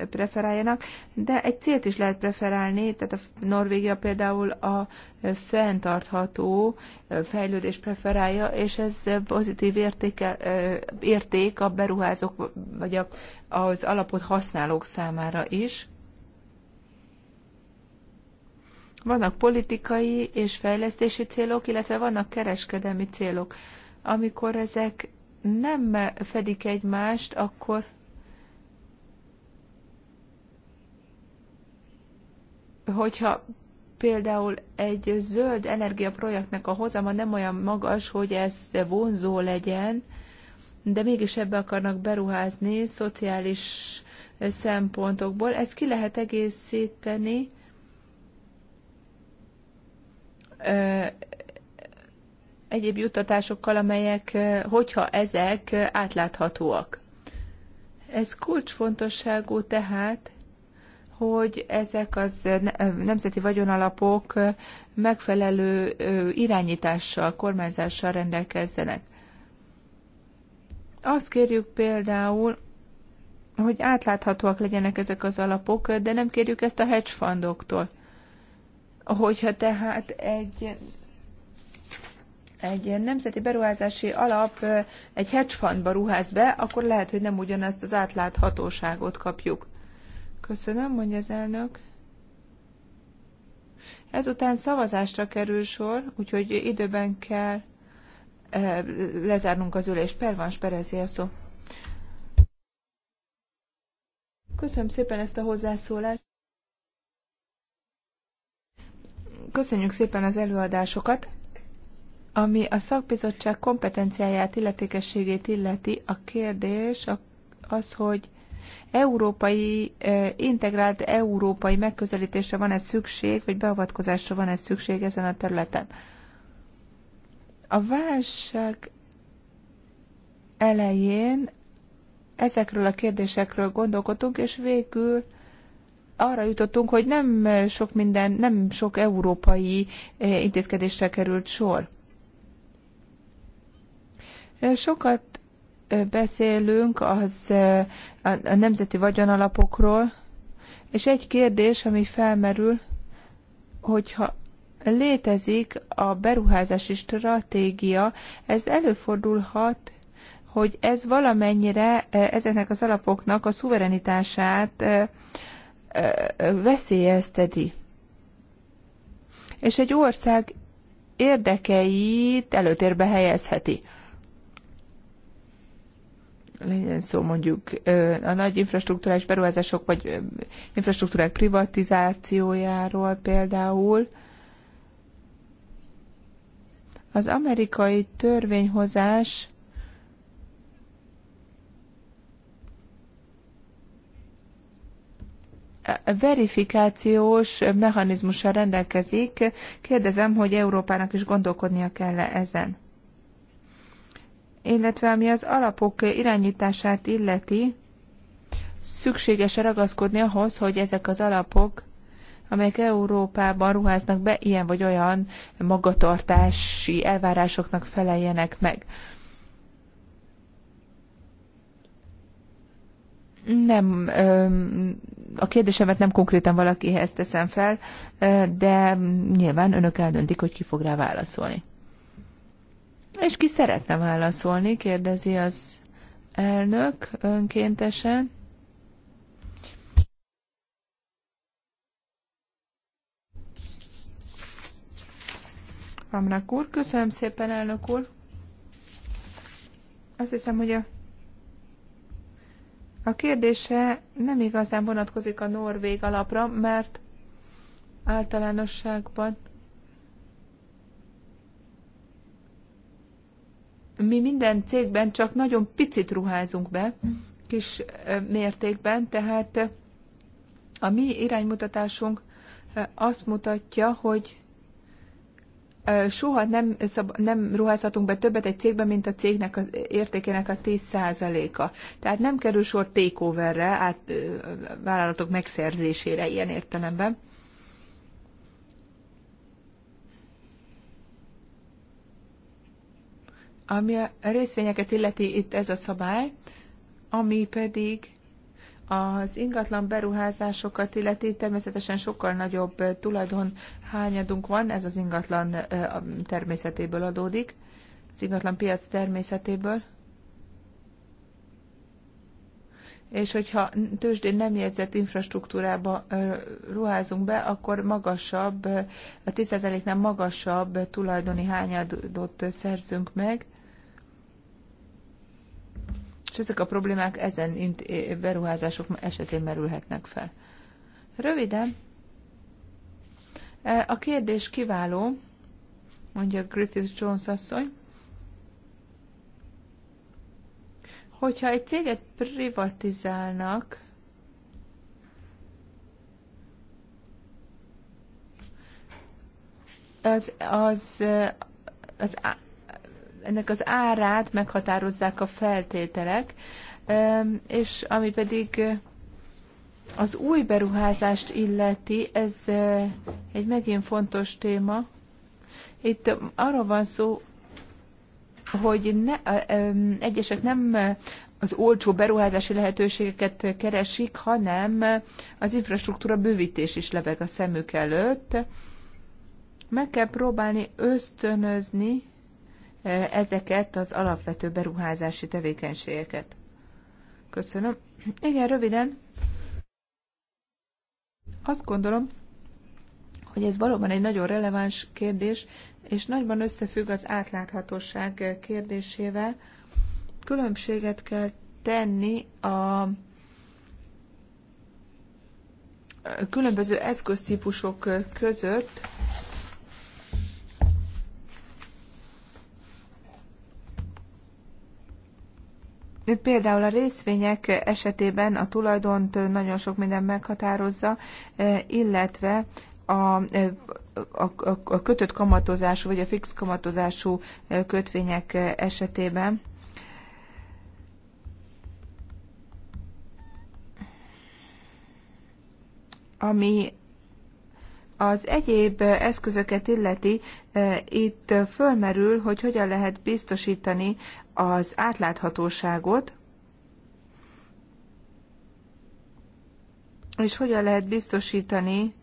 preferáljanak, de egy célt is lehet preferálni, tehát a Norvégia például a fenntartható fejlődés preferálja, és ez pozitív értéke, érték a beruházók, vagy az alapot használók számára is. Vannak politikai és fejlesztési célok, illetve vannak kereskedelmi célok. Amikor ezek nem fedik egymást, akkor hogyha például egy zöld energiaprojektnek a hozama nem olyan magas, hogy ez vonzó legyen, de mégis ebbe akarnak beruházni szociális szempontokból. Ezt ki lehet egészíteni egyéb juttatásokkal, amelyek, hogyha ezek átláthatóak. Ez kulcsfontosságú tehát, hogy ezek az nemzeti vagyonalapok megfelelő irányítással, kormányzással rendelkezzenek. Azt kérjük például, hogy átláthatóak legyenek ezek az alapok, de nem kérjük ezt a hedge fundoktól. Hogyha tehát egy egy nemzeti beruházási alap egy hedge fundba ruház be, akkor lehet, hogy nem ugyanezt az átláthatóságot kapjuk. Köszönöm, mondja az elnök. Ezután szavazásra kerül sor, úgyhogy időben kell lezárnunk az ülést. Pervans Perezi a szó. Köszönöm szépen ezt a hozzászólást. Köszönjük szépen az előadásokat. Ami a szakbizottság kompetenciáját, illetékességét illeti, a kérdés az, hogy európai, integrált európai megközelítésre van-e szükség, vagy beavatkozásra van-e szükség ezen a területen. A válság elején ezekről a kérdésekről gondolkodtunk, és végül arra jutottunk, hogy nem sok minden, nem sok európai eh, intézkedésre került sor. Eh, sokat eh, beszélünk az a nemzeti vagyonalapokról, és egy kérdés, ami felmerül, hogyha létezik a beruházási stratégia, ez előfordulhat, hogy ez valamennyire ezeknek az alapoknak a szuverenitását veszélyezteti. És egy ország érdekeit előtérbe helyezheti. Legyen szó mondjuk a nagy infrastruktúrás beruházások, vagy infrastruktúrák privatizációjáról például. Az amerikai törvényhozás verifikációs mechanizmussal rendelkezik. Kérdezem, hogy Európának is gondolkodnia kell -e ezen. Illetve ami az alapok irányítását illeti, szükséges ragaszkodni ahhoz, hogy ezek az alapok amelyek Európában ruháznak be, ilyen vagy olyan magatartási elvárásoknak feleljenek meg. Nem a kérdésemet nem konkrétan valakihez teszem fel, de nyilván önök eldöntik, hogy ki fog rá válaszolni. És ki szeretne válaszolni, kérdezi az elnök önkéntesen. Amrak úr, köszönöm szépen, elnök úr. Azt hiszem, hogy a a kérdése nem igazán vonatkozik a norvég alapra, mert általánosságban mi minden cégben csak nagyon picit ruházunk be, kis mértékben, tehát a mi iránymutatásunk azt mutatja, hogy soha nem, szab, nem ruházhatunk be többet egy cégbe, mint a cégnek az értékének a 10%-a. Tehát nem kerül sor takeoverre, át, vállalatok megszerzésére ilyen értelemben. Ami a részvényeket illeti, itt ez a szabály, ami pedig az ingatlan beruházásokat illeti természetesen sokkal nagyobb tulajdon hányadunk van, ez az ingatlan természetéből adódik, az ingatlan piac természetéből. És hogyha tőzsdén nem jegyzett infrastruktúrába ruházunk be, akkor magasabb, a 10%-nál magasabb tulajdoni hányadot szerzünk meg, és ezek a problémák ezen beruházások esetén merülhetnek fel. Röviden, e, a kérdés kiváló, mondja Griffith Jones asszony, hogyha egy céget privatizálnak, az, az, az, ennek az árát meghatározzák a feltételek, és ami pedig az új beruházást illeti, ez egy megint fontos téma. Itt arra van szó, hogy ne, egyesek nem az olcsó beruházási lehetőségeket keresik, hanem az infrastruktúra bővítés is leveg a szemük előtt. Meg kell próbálni ösztönözni ezeket az alapvető beruházási tevékenységeket. Köszönöm. Igen, röviden. Azt gondolom, hogy ez valóban egy nagyon releváns kérdés, és nagyban összefügg az átláthatóság kérdésével. Különbséget kell tenni a különböző eszköztípusok között, Például a részvények esetében a tulajdont nagyon sok minden meghatározza, e, illetve e, a, a, a kötött kamatozású vagy a fix kamatozású e, kötvények esetében. Ami az egyéb eszközöket illeti, itt fölmerül, hogy hogyan lehet biztosítani az átláthatóságot, és hogyan lehet biztosítani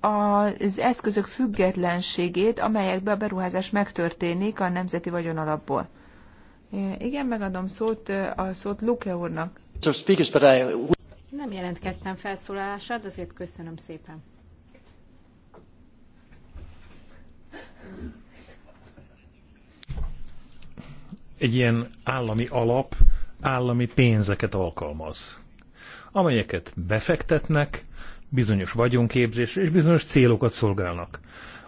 az eszközök függetlenségét, amelyekbe a beruházás megtörténik a nemzeti vagyonalapból. Igen, megadom szót, a szót Luke úrnak. Nem jelentkeztem de azért köszönöm szépen. egy ilyen állami alap állami pénzeket alkalmaz, amelyeket befektetnek, bizonyos vagyonképzés és bizonyos célokat szolgálnak.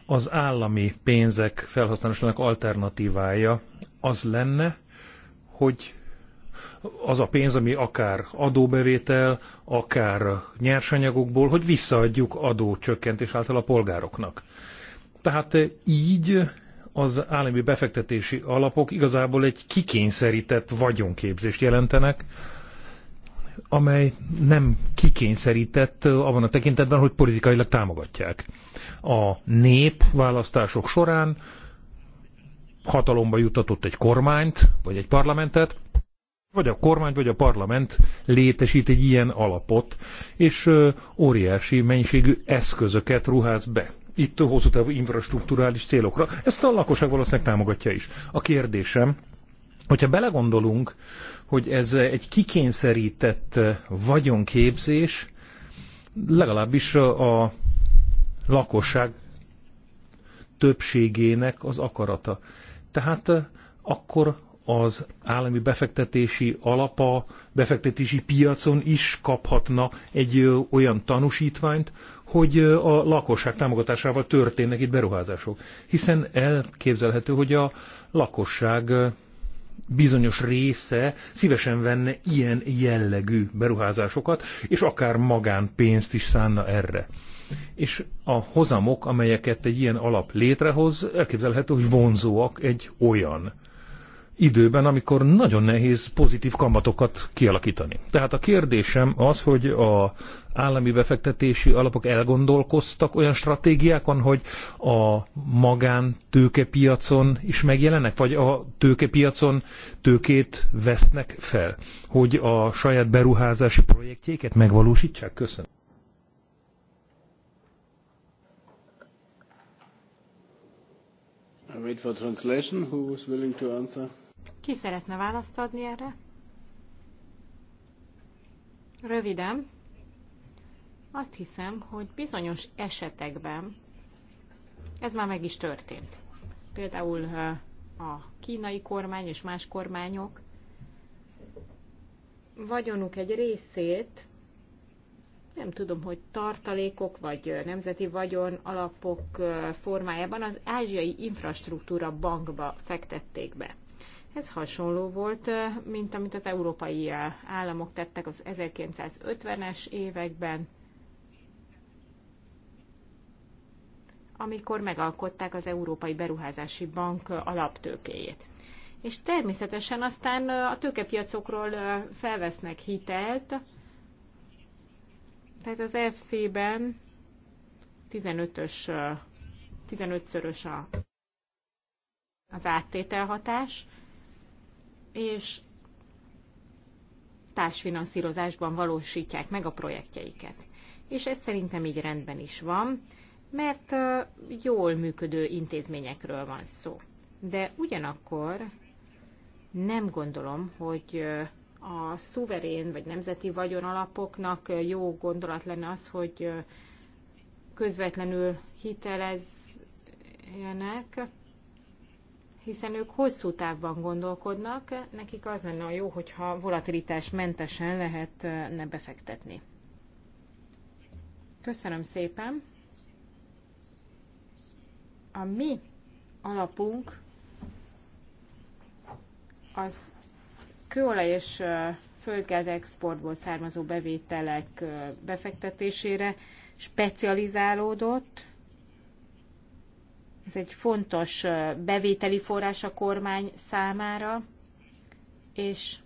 Az állami pénzek felhasználásának alternatívája az lenne, hogy az a pénz, ami akár adóbevétel, akár nyersanyagokból, hogy visszaadjuk adócsökkentés által a polgároknak. Tehát így az állami befektetési alapok igazából egy kikényszerített vagyonképzést jelentenek, amely nem kikényszerített abban a tekintetben, hogy politikailag támogatják. A nép választások során hatalomba jutatott egy kormányt, vagy egy parlamentet, vagy a kormány, vagy a parlament létesít egy ilyen alapot, és óriási mennyiségű eszközöket ruház be itt hosszú távú infrastruktúrális célokra. Ezt a lakosság valószínűleg támogatja is. A kérdésem, hogyha belegondolunk, hogy ez egy kikényszerített vagyonképzés, legalábbis a lakosság többségének az akarata. Tehát akkor az állami befektetési alapa befektetési piacon is kaphatna egy olyan tanúsítványt, hogy a lakosság támogatásával történnek itt beruházások. Hiszen elképzelhető, hogy a lakosság bizonyos része szívesen venne ilyen jellegű beruházásokat, és akár magánpénzt is szánna erre. És a hozamok, amelyeket egy ilyen alap létrehoz, elképzelhető, hogy vonzóak egy olyan időben, amikor nagyon nehéz pozitív kamatokat kialakítani. Tehát a kérdésem az, hogy a állami befektetési alapok elgondolkoztak olyan stratégiákon, hogy a magán tőkepiacon is megjelennek, vagy a tőkepiacon tőkét vesznek fel, hogy a saját beruházási projektjéket megvalósítsák? Köszönöm. I wait for translation. Who is willing to answer? Ki szeretne választ adni erre? Röviden, azt hiszem, hogy bizonyos esetekben ez már meg is történt. Például a kínai kormány és más kormányok vagyonuk egy részét, nem tudom, hogy tartalékok vagy nemzeti vagyon alapok formájában az ázsiai infrastruktúra bankba fektették be. Ez hasonló volt, mint amit az európai államok tettek az 1950-es években, amikor megalkották az Európai Beruházási Bank alaptőkéjét. És természetesen aztán a tőkepiacokról felvesznek hitelt, tehát az FC-ben 15-ös, 15-szörös a, az áttételhatás, és társfinanszírozásban valósítják meg a projektjeiket. És ez szerintem így rendben is van, mert jól működő intézményekről van szó. De ugyanakkor nem gondolom, hogy a szuverén vagy nemzeti vagyonalapoknak jó gondolat lenne az, hogy közvetlenül hitelezjenek, hiszen ők hosszú távban gondolkodnak, nekik az lenne a jó, hogyha volatilitás mentesen lehetne befektetni. Köszönöm szépen! A mi alapunk az kőolaj és földgáz exportból származó bevételek befektetésére specializálódott, ez egy fontos bevételi forrás a kormány számára, és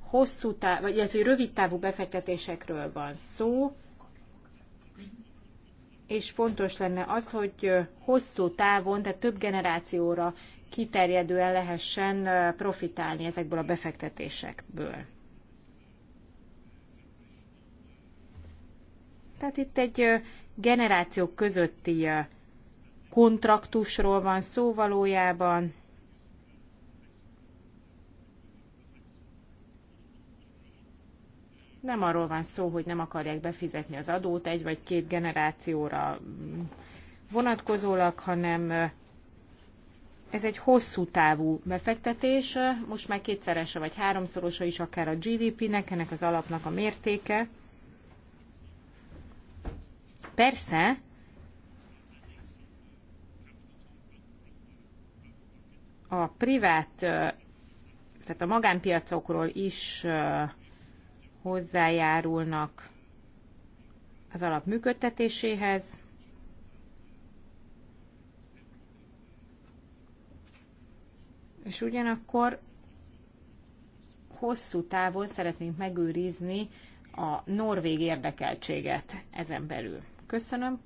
hosszú táv, vagy illetve rövid távú befektetésekről van szó, és fontos lenne az, hogy hosszú távon, tehát több generációra kiterjedően lehessen profitálni ezekből a befektetésekből. Tehát itt egy generációk közötti kontraktusról van szó valójában. Nem arról van szó, hogy nem akarják befizetni az adót egy vagy két generációra vonatkozólag, hanem ez egy hosszú távú befektetés, most már kétszerese vagy háromszorosa is akár a GDP-nek, ennek az alapnak a mértéke. Persze, a privát, tehát a magánpiacokról is hozzájárulnak az alap működtetéséhez. És ugyanakkor hosszú távon szeretnénk megőrizni a norvég érdekeltséget ezen belül. Köszönöm.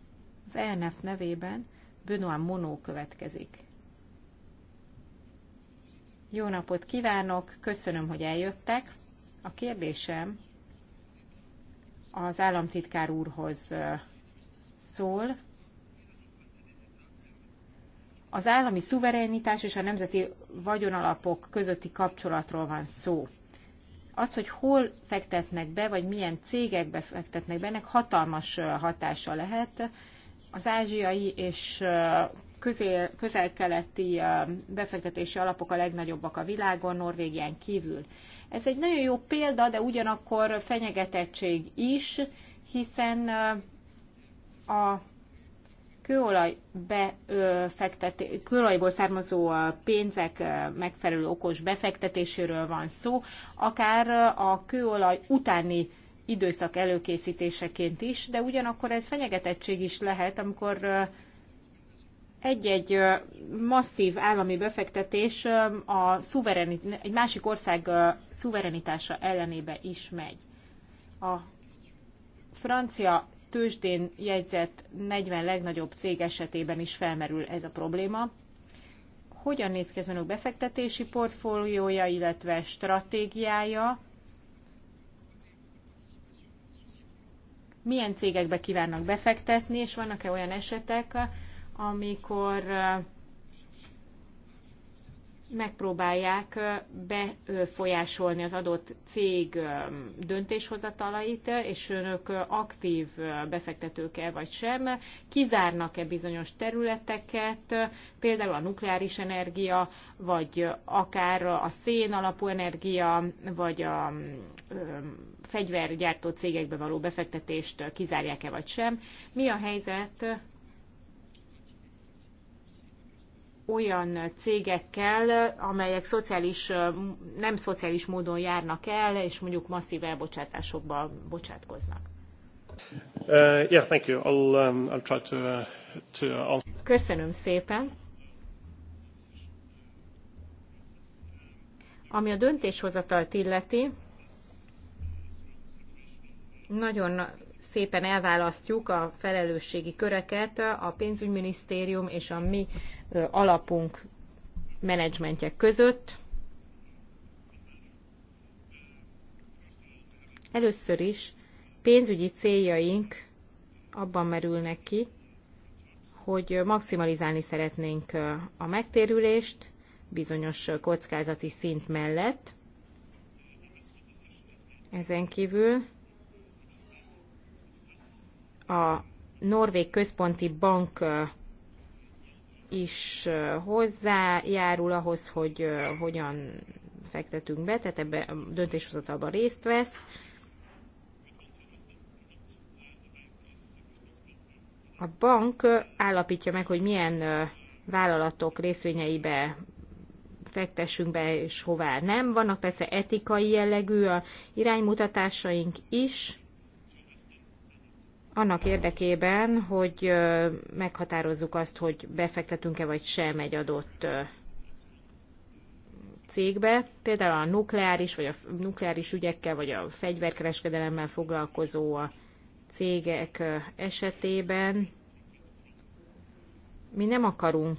Az ENF nevében Benoit Monó következik. Jó napot kívánok, köszönöm, hogy eljöttek. A kérdésem az államtitkár úrhoz szól. Az állami szuverenitás és a nemzeti vagyonalapok közötti kapcsolatról van szó az, hogy hol fektetnek be, vagy milyen cégekbe fektetnek be, ennek hatalmas hatása lehet. Az ázsiai és közel-keleti befektetési alapok a legnagyobbak a világon, Norvégián kívül. Ez egy nagyon jó példa, de ugyanakkor fenyegetettség is, hiszen a kőolaj befektet kőolajból származó pénzek megfelelő okos befektetéséről van szó, akár a kőolaj utáni időszak előkészítéseként is, de ugyanakkor ez fenyegetettség is lehet, amikor egy-egy masszív állami befektetés a szuverenit- egy másik ország szuverenitása ellenébe is megy. A francia tőzsdén jegyzett 40 legnagyobb cég esetében is felmerül ez a probléma. Hogyan néz ki az önök befektetési portfóliója, illetve stratégiája? Milyen cégekbe kívánnak befektetni, és vannak-e olyan esetek, amikor megpróbálják befolyásolni az adott cég döntéshozatalait, és önök aktív befektetők-e vagy sem, kizárnak-e bizonyos területeket, például a nukleáris energia, vagy akár a szén alapú energia, vagy a fegyvergyártó cégekbe való befektetést kizárják-e vagy sem. Mi a helyzet olyan cégekkel, amelyek szociális, nem szociális módon járnak el, és mondjuk masszív elbocsátásokba bocsátkoznak. Uh, yeah, thank you. I'll, um, I'll try to, uh, to Köszönöm szépen. Ami a döntéshozatalt illeti, nagyon szépen elválasztjuk a felelősségi köreket a pénzügyminisztérium és a mi alapunk menedzsmentjek között. Először is pénzügyi céljaink abban merülnek ki, hogy maximalizálni szeretnénk a megtérülést bizonyos kockázati szint mellett. Ezen kívül a Norvég Központi Bank is hozzájárul ahhoz, hogy hogyan fektetünk be, tehát ebbe a döntéshozatalban részt vesz. A bank állapítja meg, hogy milyen vállalatok részvényeibe fektessünk be, és hová nem. Vannak persze etikai jellegű a iránymutatásaink is, annak érdekében, hogy meghatározzuk azt, hogy befektetünk-e vagy sem egy adott cégbe, például a nukleáris, vagy a nukleáris ügyekkel, vagy a fegyverkereskedelemmel foglalkozó cégek esetében mi nem akarunk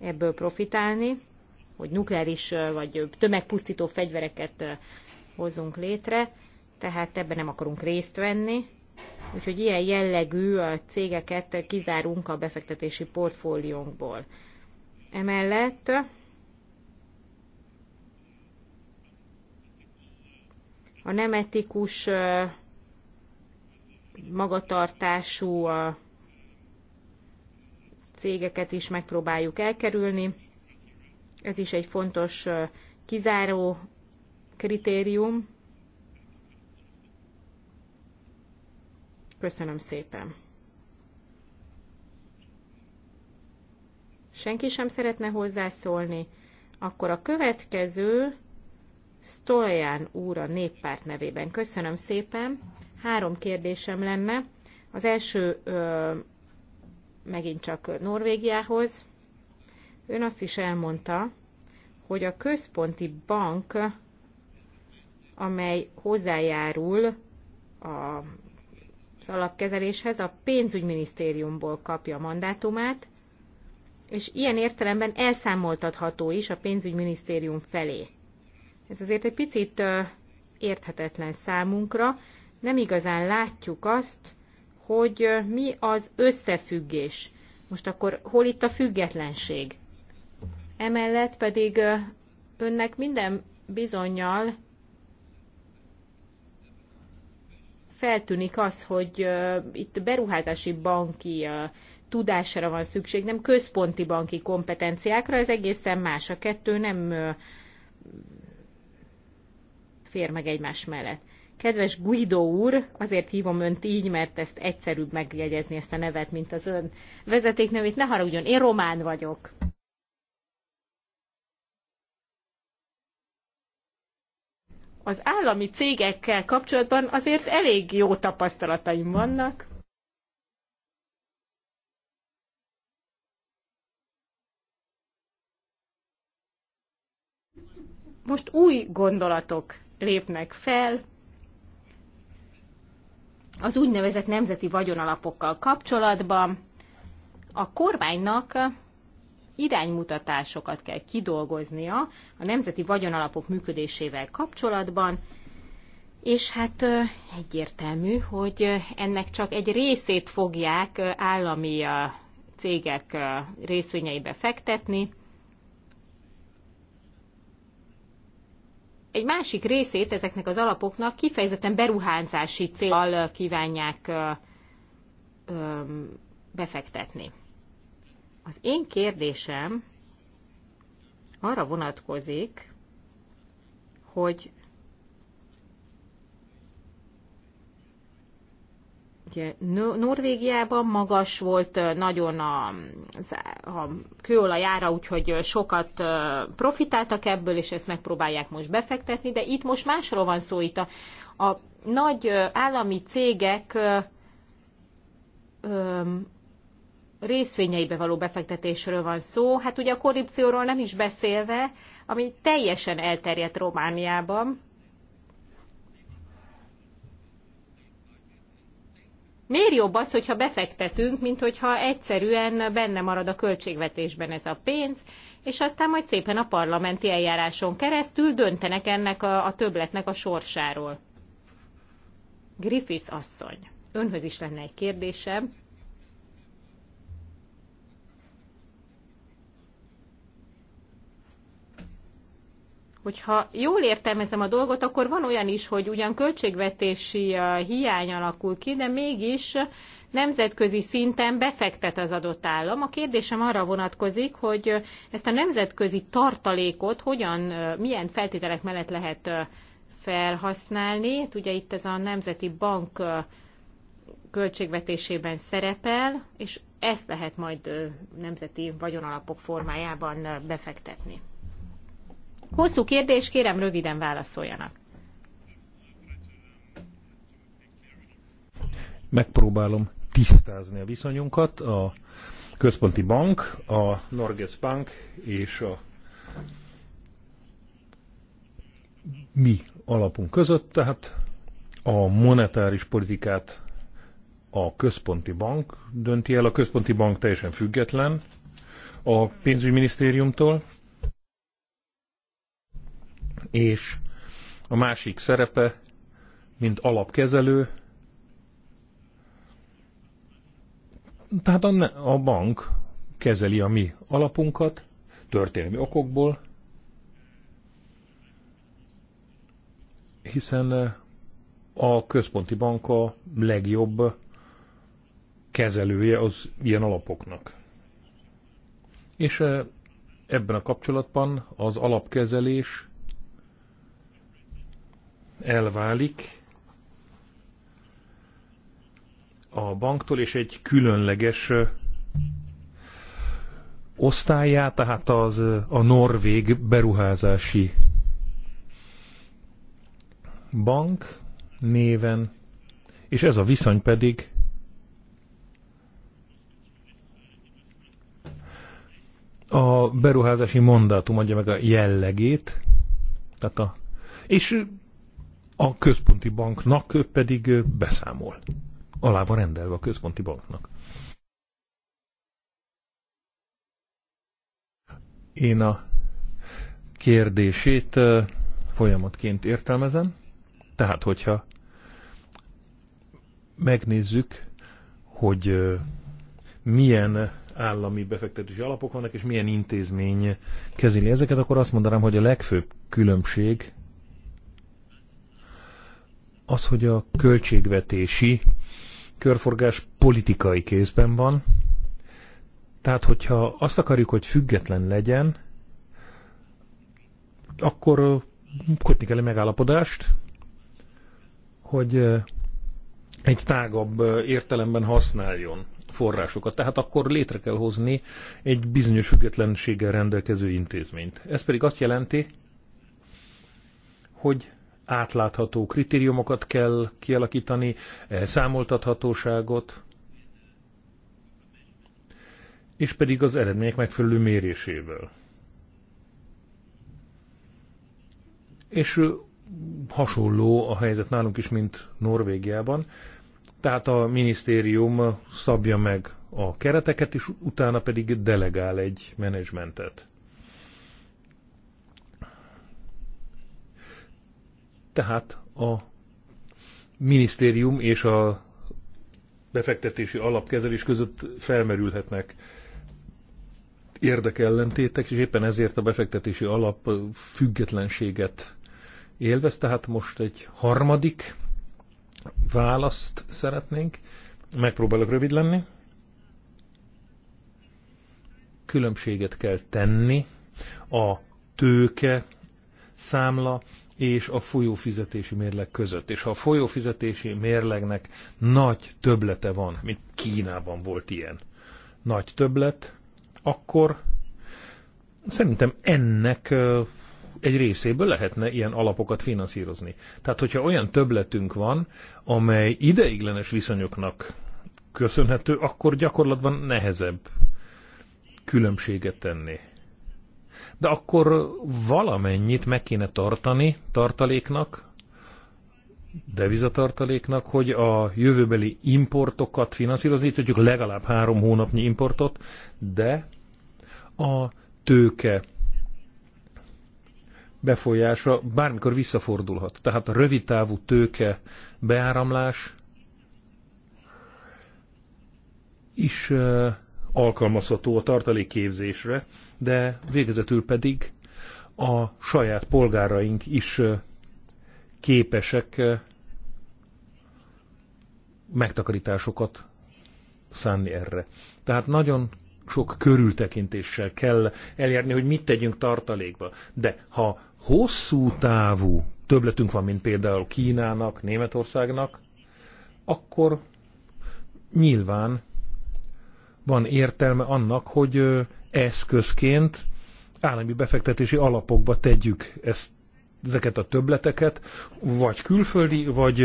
ebből profitálni, hogy nukleáris vagy tömegpusztító fegyvereket hozunk létre, tehát ebben nem akarunk részt venni. Úgyhogy ilyen jellegű a cégeket kizárunk a befektetési portfóliónkból. Emellett a nem etikus magatartású cégeket is megpróbáljuk elkerülni. Ez is egy fontos kizáró kritérium. Köszönöm szépen. Senki sem szeretne hozzászólni. Akkor a következő Stolján úr a néppárt nevében. Köszönöm szépen. Három kérdésem lenne. Az első ö, megint csak Norvégiához. Ön azt is elmondta, hogy a központi bank, amely hozzájárul a alapkezeléshez a pénzügyminisztériumból kapja a mandátumát, és ilyen értelemben elszámoltatható is a pénzügyminisztérium felé. Ez azért egy picit érthetetlen számunkra, nem igazán látjuk azt, hogy mi az összefüggés. Most akkor hol itt a függetlenség? Emellett pedig önnek minden bizonyal feltűnik az, hogy itt beruházási banki tudásra van szükség, nem központi banki kompetenciákra, ez egészen más. A kettő nem fér meg egymás mellett. Kedves Guido úr, azért hívom önt így, mert ezt egyszerűbb megjegyezni ezt a nevet, mint az ön vezetéknevét. Ne haragudjon, én román vagyok. az állami cégekkel kapcsolatban azért elég jó tapasztalataim vannak. Most új gondolatok lépnek fel az úgynevezett nemzeti vagyonalapokkal kapcsolatban. A kormánynak iránymutatásokat kell kidolgoznia a nemzeti vagyonalapok működésével kapcsolatban, és hát egyértelmű, hogy ennek csak egy részét fogják állami cégek részvényeibe fektetni. Egy másik részét ezeknek az alapoknak kifejezetten beruházási célral kívánják befektetni. Az én kérdésem arra vonatkozik, hogy ugye Norvégiában magas volt nagyon a, a kőolaj ára, úgyhogy sokat profitáltak ebből, és ezt megpróbálják most befektetni, de itt most másról van szó, itt a, a nagy állami cégek részvényeibe való befektetésről van szó, hát ugye a korrupcióról nem is beszélve, ami teljesen elterjedt Romániában. Miért jobb az, hogyha befektetünk, mint hogyha egyszerűen benne marad a költségvetésben ez a pénz, és aztán majd szépen a parlamenti eljáráson keresztül döntenek ennek a, a töbletnek a sorsáról. Griffiths asszony, önhöz is lenne egy kérdésem. hogyha jól értelmezem a dolgot, akkor van olyan is, hogy ugyan költségvetési hiány alakul ki, de mégis nemzetközi szinten befektet az adott állam. A kérdésem arra vonatkozik, hogy ezt a nemzetközi tartalékot hogyan, milyen feltételek mellett lehet felhasználni. Hát ugye itt ez a Nemzeti Bank költségvetésében szerepel, és ezt lehet majd nemzeti vagyonalapok formájában befektetni. Hosszú kérdés, kérem röviden válaszoljanak. Megpróbálom tisztázni a viszonyunkat. A Központi Bank, a Norges Bank és a mi alapunk között, tehát a monetáris politikát a központi bank dönti el, a központi bank teljesen független a pénzügyminisztériumtól, és a másik szerepe, mint alapkezelő, tehát a, a bank kezeli a mi alapunkat, történelmi okokból, hiszen eh, a központi bank a legjobb kezelője az ilyen alapoknak. És eh, ebben a kapcsolatban az alapkezelés elválik a banktól, és egy különleges osztályá, tehát az a norvég beruházási bank néven, és ez a viszony pedig a beruházási mandátum adja meg a jellegét, tehát a, és a központi banknak pedig beszámol. Alá van rendelve a központi banknak. Én a kérdését folyamatként értelmezem, tehát hogyha megnézzük, hogy milyen állami befektetési alapok vannak, és milyen intézmény kezeli ezeket, akkor azt mondanám, hogy a legfőbb különbség az, hogy a költségvetési körforgás politikai kézben van. Tehát, hogyha azt akarjuk, hogy független legyen, akkor kötni kell egy megállapodást, hogy egy tágabb értelemben használjon forrásokat. Tehát akkor létre kell hozni egy bizonyos függetlenséggel rendelkező intézményt. Ez pedig azt jelenti, hogy átlátható kritériumokat kell kialakítani, eh, számoltathatóságot, és pedig az eredmények megfelelő méréséből. És hasonló a helyzet nálunk is, mint Norvégiában. Tehát a minisztérium szabja meg a kereteket, és utána pedig delegál egy menedzsmentet. Tehát a minisztérium és a befektetési alapkezelés között felmerülhetnek érdekellentétek, és éppen ezért a befektetési alap függetlenséget élvez. Tehát most egy harmadik választ szeretnénk. Megpróbálok rövid lenni. Különbséget kell tenni a tőke számla és a folyófizetési mérleg között. És ha a folyófizetési mérlegnek nagy töblete van, mint Kínában volt ilyen nagy töblet, akkor szerintem ennek egy részéből lehetne ilyen alapokat finanszírozni. Tehát, hogyha olyan töbletünk van, amely ideiglenes viszonyoknak köszönhető, akkor gyakorlatban nehezebb különbséget tenni de akkor valamennyit meg kéne tartani tartaléknak, devizatartaléknak, hogy a jövőbeli importokat finanszírozni tudjuk, legalább három hónapnyi importot, de a tőke befolyása bármikor visszafordulhat. Tehát a rövidtávú tőke beáramlás is alkalmazható a tartalékképzésre, de végezetül pedig a saját polgáraink is képesek megtakarításokat szánni erre. Tehát nagyon sok körültekintéssel kell eljárni, hogy mit tegyünk tartalékba. De ha hosszú távú többletünk van, mint például Kínának, Németországnak, akkor nyilván van értelme annak, hogy eszközként állami befektetési alapokba tegyük ezt, ezeket a töbleteket, vagy külföldi, vagy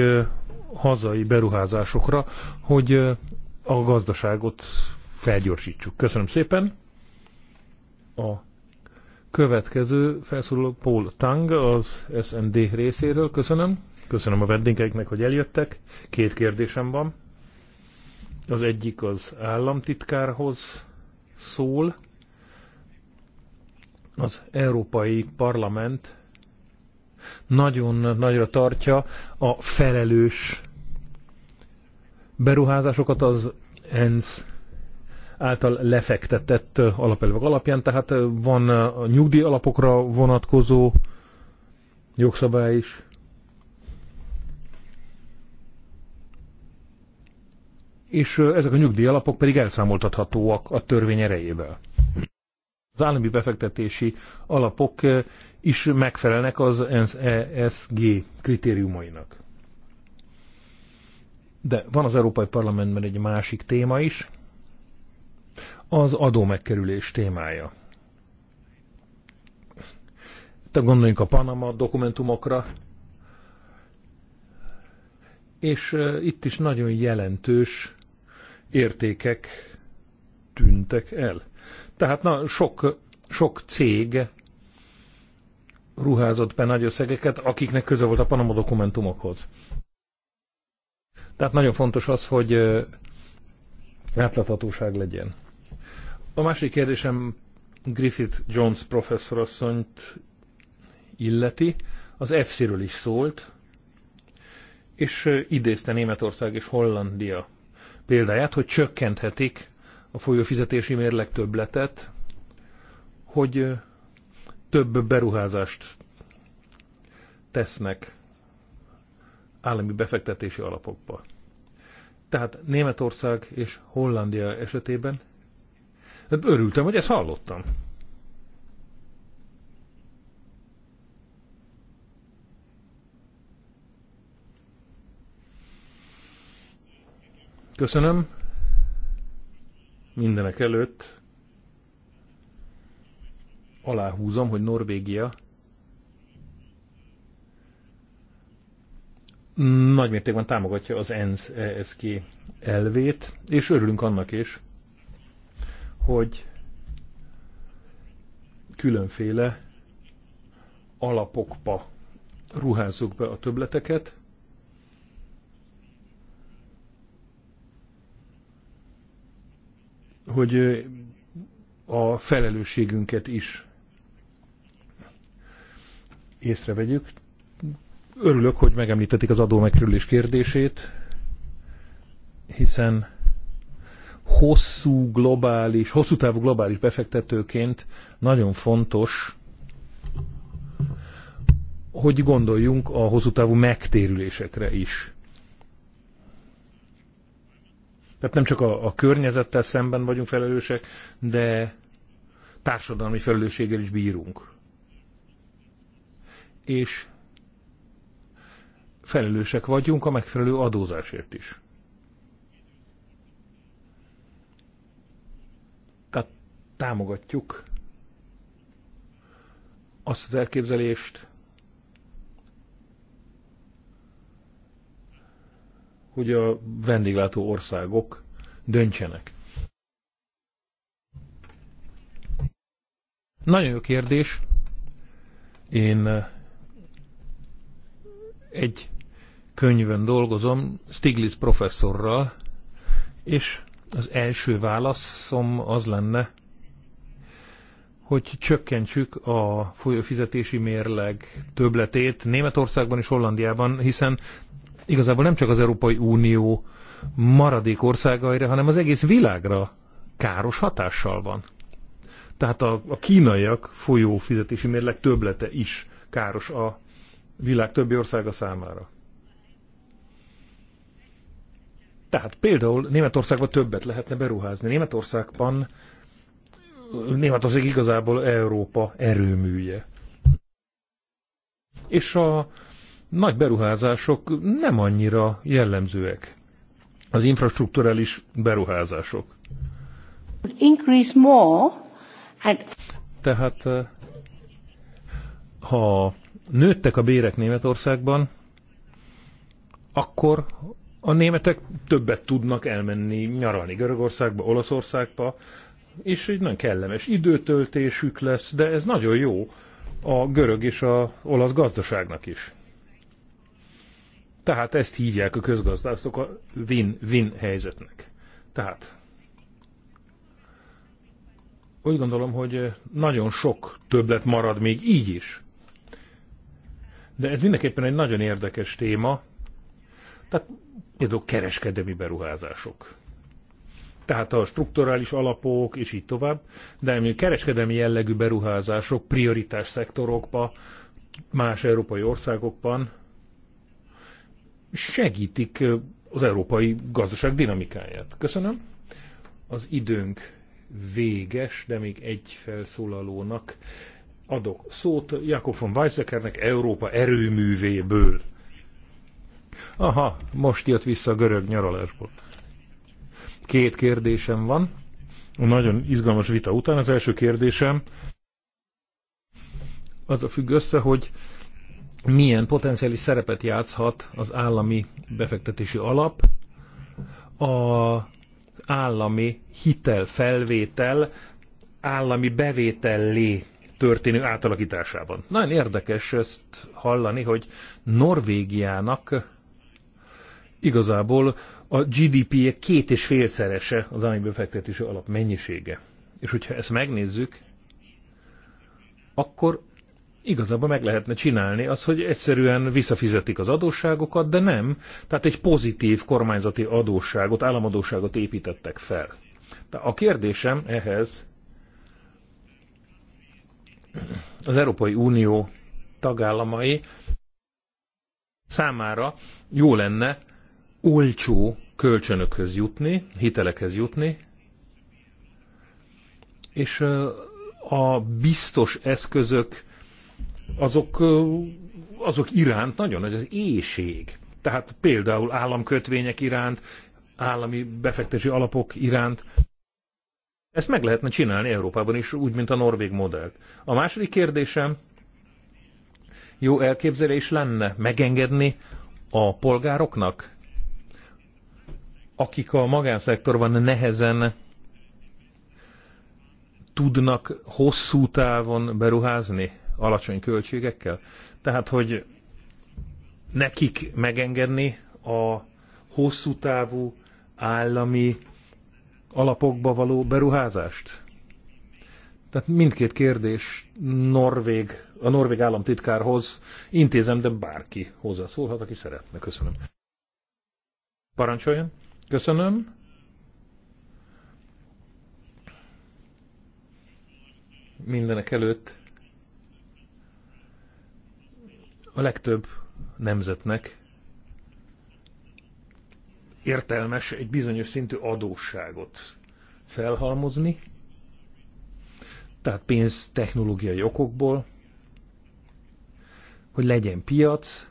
hazai beruházásokra, hogy a gazdaságot felgyorsítsuk. Köszönöm szépen. A következő felszóló Paul Tang az SND részéről. Köszönöm. Köszönöm a vendégeiknek, hogy eljöttek. Két kérdésem van. Az egyik az államtitkárhoz szól. Az Európai Parlament nagyon nagyra tartja a felelős beruházásokat az ENSZ által lefektetett alapelvek alapján, tehát van a nyugdíj alapokra vonatkozó jogszabály is. És ezek a nyugdíj alapok pedig elszámoltathatóak a törvény erejével az állami befektetési alapok is megfelelnek az ESG kritériumainak. De van az Európai Parlamentben egy másik téma is, az megkerülés témája. Te gondoljunk a Panama dokumentumokra, és itt is nagyon jelentős értékek tűntek el. Tehát na, sok, sok cég ruházott be nagy összegeket, akiknek köze volt a Panama dokumentumokhoz. Tehát nagyon fontos az, hogy átláthatóság legyen. A másik kérdésem Griffith Jones professzorasszonyt illeti, az EFSZ-ről is szólt, és idézte Németország és Hollandia példáját, hogy csökkenthetik a folyófizetési mérleg többletet, hogy több beruházást tesznek állami befektetési alapokba. Tehát Németország és Hollandia esetében hát örültem, hogy ezt hallottam. Köszönöm. Mindenek előtt aláhúzom, hogy Norvégia nagy mértékben támogatja az ENSZ ESK elvét, és örülünk annak is, hogy különféle alapokba ruházzuk be a töbleteket, hogy a felelősségünket is észrevegyük. Örülök, hogy megemlítették az adó megkerülés kérdését, hiszen hosszú globális, hosszú távú globális befektetőként nagyon fontos, hogy gondoljunk a hosszú távú megtérülésekre is. Tehát nem csak a, a környezettel szemben vagyunk felelősek, de társadalmi felelősséggel is bírunk. És felelősek vagyunk a megfelelő adózásért is. Tehát támogatjuk azt az elképzelést, hogy a vendéglátó országok döntsenek. Nagyon jó kérdés. Én eh, egy könyvön dolgozom Stiglitz professzorral, és az első válaszom az lenne, hogy csökkentsük a folyófizetési mérleg töbletét Németországban és Hollandiában, hiszen igazából nem csak az Európai Unió maradék országaira, hanem az egész világra káros hatással van. Tehát a, a kínaiak folyó fizetési mérleg töblete is káros a világ többi országa számára. Tehát például Németországban többet lehetne beruházni. Németországban Németország igazából Európa erőműje. És a nagy beruházások nem annyira jellemzőek. Az infrastruktúrális beruházások. Tehát eh, ha nőttek a bérek Németországban, akkor a németek többet tudnak elmenni nyaralni Görögországba, Olaszországba, és egy nagyon kellemes időtöltésük lesz, de ez nagyon jó a görög és a olasz gazdaságnak is. Tehát ezt hívják a közgazdászok a win-win helyzetnek. Tehát úgy gondolom, hogy nagyon sok többlet marad még így is. De ez mindenképpen egy nagyon érdekes téma. Tehát például kereskedemi beruházások. Tehát a strukturális alapok, és így tovább, de kereskedemi jellegű beruházások prioritás szektorokban más európai országokban, segítik az európai gazdaság dinamikáját. Köszönöm. Az időnk véges, de még egy felszólalónak adok szót Jakob von Weizsäckernek Európa erőművéből. Aha, most jött vissza a görög nyaralásból. Két kérdésem van. Nagyon izgalmas vita után az első kérdésem az a függ össze, hogy milyen potenciális szerepet játszhat az állami befektetési alap, az állami hitelfelvétel állami bevétellé történő átalakításában. Nagyon érdekes ezt hallani, hogy Norvégiának igazából a GDP-je két és félszerese az állami befektetési alap mennyisége. És hogyha ezt megnézzük, akkor igazából meg lehetne csinálni, az, hogy egyszerűen visszafizetik az adósságokat, de nem. Tehát egy pozitív kormányzati adósságot, államadóságot építettek fel. De a kérdésem ehhez az Európai Unió tagállamai számára jó lenne olcsó kölcsönökhöz jutni, hitelekhez jutni, és a biztos eszközök azok, azok iránt nagyon nagy az éjség. Tehát például államkötvények iránt, állami befektetési alapok iránt. Ezt meg lehetne csinálni Európában is, úgy, mint a norvég modellt. A második kérdésem, jó elképzelés lenne megengedni a polgároknak, akik a magánszektorban nehezen tudnak hosszú távon beruházni? alacsony költségekkel. Tehát, hogy nekik megengedni a hosszú távú állami alapokba való beruházást? Tehát mindkét kérdés Norvég, a Norvég államtitkárhoz intézem, de bárki hozzászólhat, aki szeretne. Köszönöm. Parancsoljon. Köszönöm. Mindenek előtt a legtöbb nemzetnek értelmes egy bizonyos szintű adósságot felhalmozni, tehát pénz technológiai okokból, hogy legyen piac,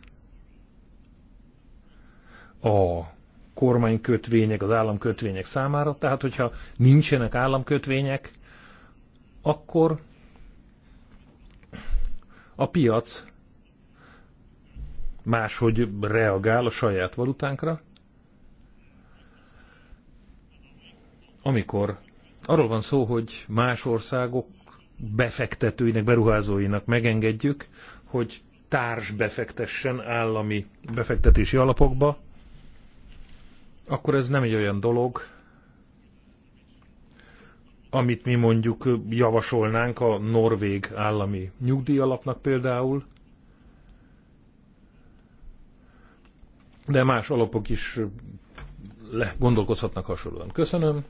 a kormánykötvények, az államkötvények számára, tehát hogyha nincsenek államkötvények, akkor a piac máshogy reagál a saját valutánkra. Amikor arról van szó, hogy más országok befektetőinek, beruházóinak megengedjük, hogy társ befektessen állami befektetési alapokba, akkor ez nem egy olyan dolog, amit mi mondjuk javasolnánk a norvég állami nyugdíjalapnak például, de más alapok is le, gondolkozhatnak hasonlóan. Köszönöm.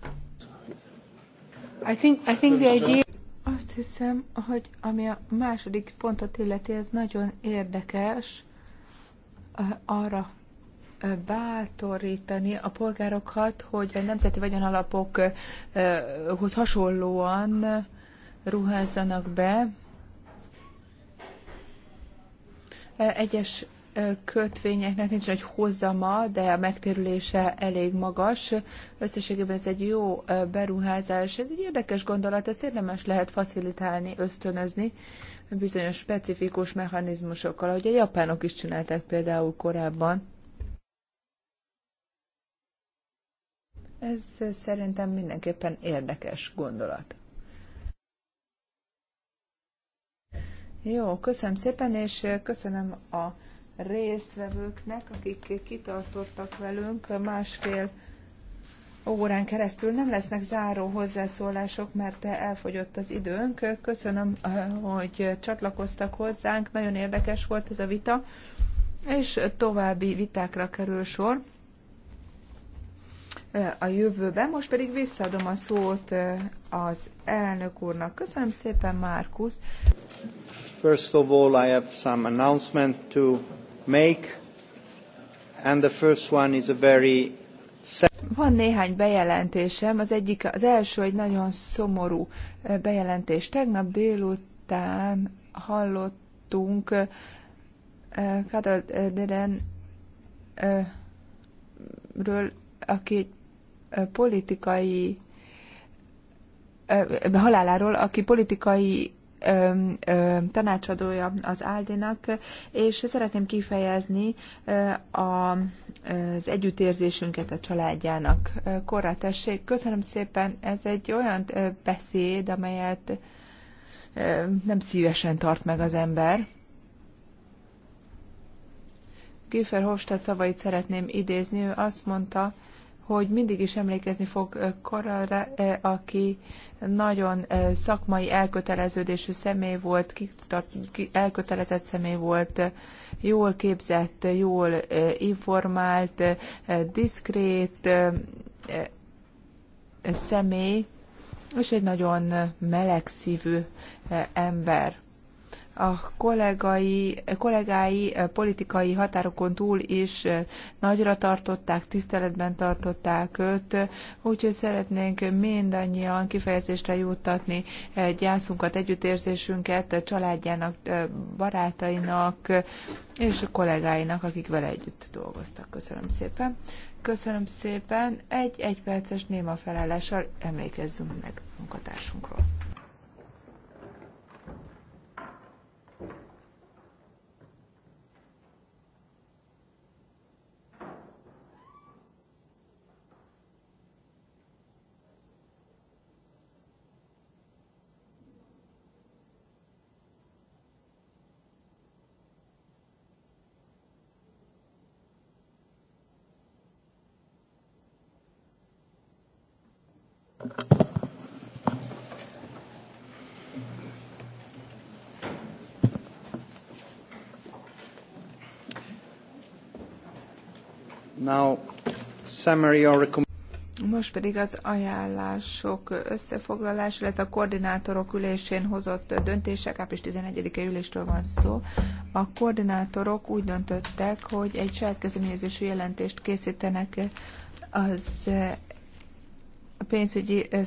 I think, I think the idea... Azt hiszem, hogy ami a második pontot illeti, ez nagyon érdekes arra bátorítani a polgárokat, hogy a nemzeti vagyonalapokhoz hasonlóan ruházzanak be. Egyes kötvényeknek nincs nagy hozama, de a megtérülése elég magas. Összességében ez egy jó beruházás. Ez egy érdekes gondolat, ezt érdemes lehet facilitálni, ösztönözni bizonyos specifikus mechanizmusokkal, ahogy a japánok is csinálták például korábban. Ez szerintem mindenképpen érdekes gondolat. Jó, köszönöm szépen, és köszönöm a résztvevőknek, akik kitartottak velünk másfél órán keresztül. Nem lesznek záró hozzászólások, mert elfogyott az időnk. Köszönöm, hogy csatlakoztak hozzánk. Nagyon érdekes volt ez a vita, és további vitákra kerül sor a jövőben. Most pedig visszaadom a szót az elnök úrnak. Köszönöm szépen, Márkusz. First of all, I have some announcement to make, and the first one is a very van néhány bejelentésem, az egyik, az első egy nagyon szomorú bejelentés. Tegnap délután hallottunk Kadar ről, aki egy politikai haláláról, aki politikai tanácsadója az Áldinak, és szeretném kifejezni az együttérzésünket a családjának. Korra tessék, köszönöm szépen, ez egy olyan beszéd, amelyet nem szívesen tart meg az ember. Güfer Hofstadt szavait szeretném idézni, ő azt mondta, hogy mindig is emlékezni fog eh, Karalra, eh, aki nagyon eh, szakmai elköteleződésű személy volt, elkötelezett személy volt, jól képzett, jól informált, diszkrét személy, és egy nagyon melegszívű ember a kollégai, kollégái eh, politikai határokon túl is eh, nagyra tartották, tiszteletben tartották őt, úgyhogy szeretnénk mindannyian kifejezésre juttatni eh, gyászunkat, együttérzésünket családjának, barátainak és a kollégáinak, akik vele együtt dolgoztak. Köszönöm szépen. Köszönöm szépen. Egy egyperces néma felállással emlékezzünk meg munkatársunkról. Now, summary or most pedig az ajánlások összefoglalás, illetve a koordinátorok ülésén hozott döntések, április 11-e ülésről van szó. A koordinátorok úgy döntöttek, hogy egy saját kezdeményezésű jelentést készítenek az pénzügyi eh,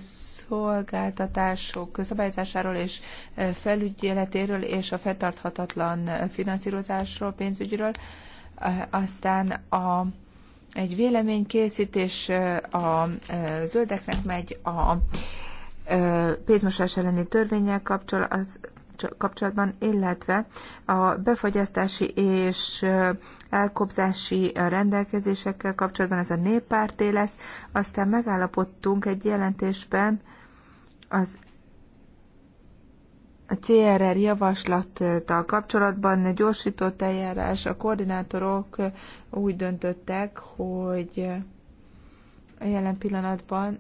szolgáltatások szabályzásáról és eh, felügyeletéről és a fenntarthatatlan eh, finanszírozásról, pénzügyről. Aztán a, egy véleménykészítés a zöldeknek megy a pénzmosás elleni törvényel kapcsolatban, illetve a befagyasztási és elkobzási rendelkezésekkel kapcsolatban ez a néppárté lesz. Aztán megállapodtunk egy jelentésben az a CRR javaslattal kapcsolatban gyorsított eljárás a koordinátorok úgy döntöttek, hogy jelen pillanatban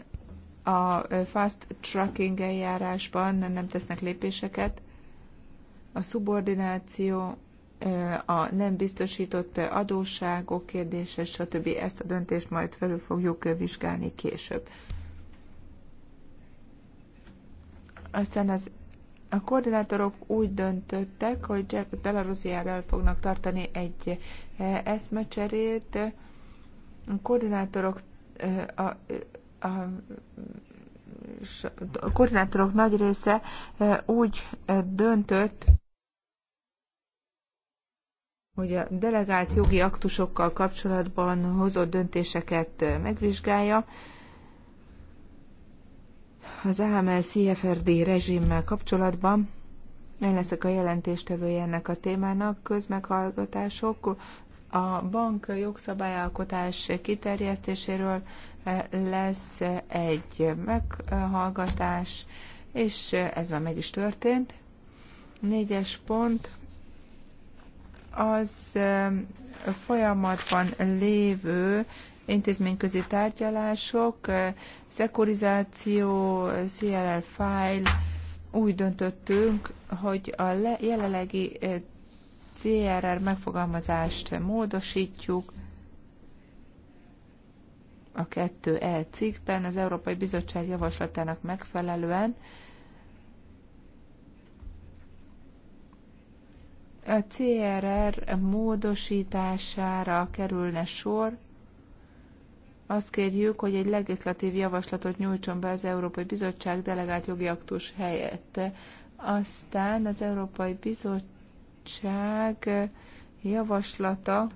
a fast tracking eljárásban nem tesznek lépéseket, a szubordináció, a nem biztosított adósságok kérdése, stb. Ezt a döntést majd felül fogjuk vizsgálni később. Aztán az, a koordinátorok úgy döntöttek, hogy Jack Delarosiával fognak tartani egy eszmecserét. A koordinátorok a, a, a a koordinátorok nagy része úgy döntött, hogy a delegált jogi aktusokkal kapcsolatban hozott döntéseket megvizsgálja, az AML-CFRD rezsimmel kapcsolatban. Én leszek a jelentéstevője ennek a témának, közmeghallgatások, a bank jogszabályalkotás kiterjesztéséről lesz egy meghallgatás, és ez már meg is történt. Négyes pont az folyamatban lévő intézményközi tárgyalások, eh, szekurizáció, CLL file, úgy döntöttünk, hogy a jelenlegi eh, CRR megfogalmazást módosítjuk, a 2E cikkben az Európai Bizottság javaslatának megfelelően, a CRR módosítására kerülne sor. Azt kérjük, hogy egy legislatív javaslatot nyújtson be az Európai Bizottság delegált jogi aktus helyett. Aztán az Európai Bizottság javaslata,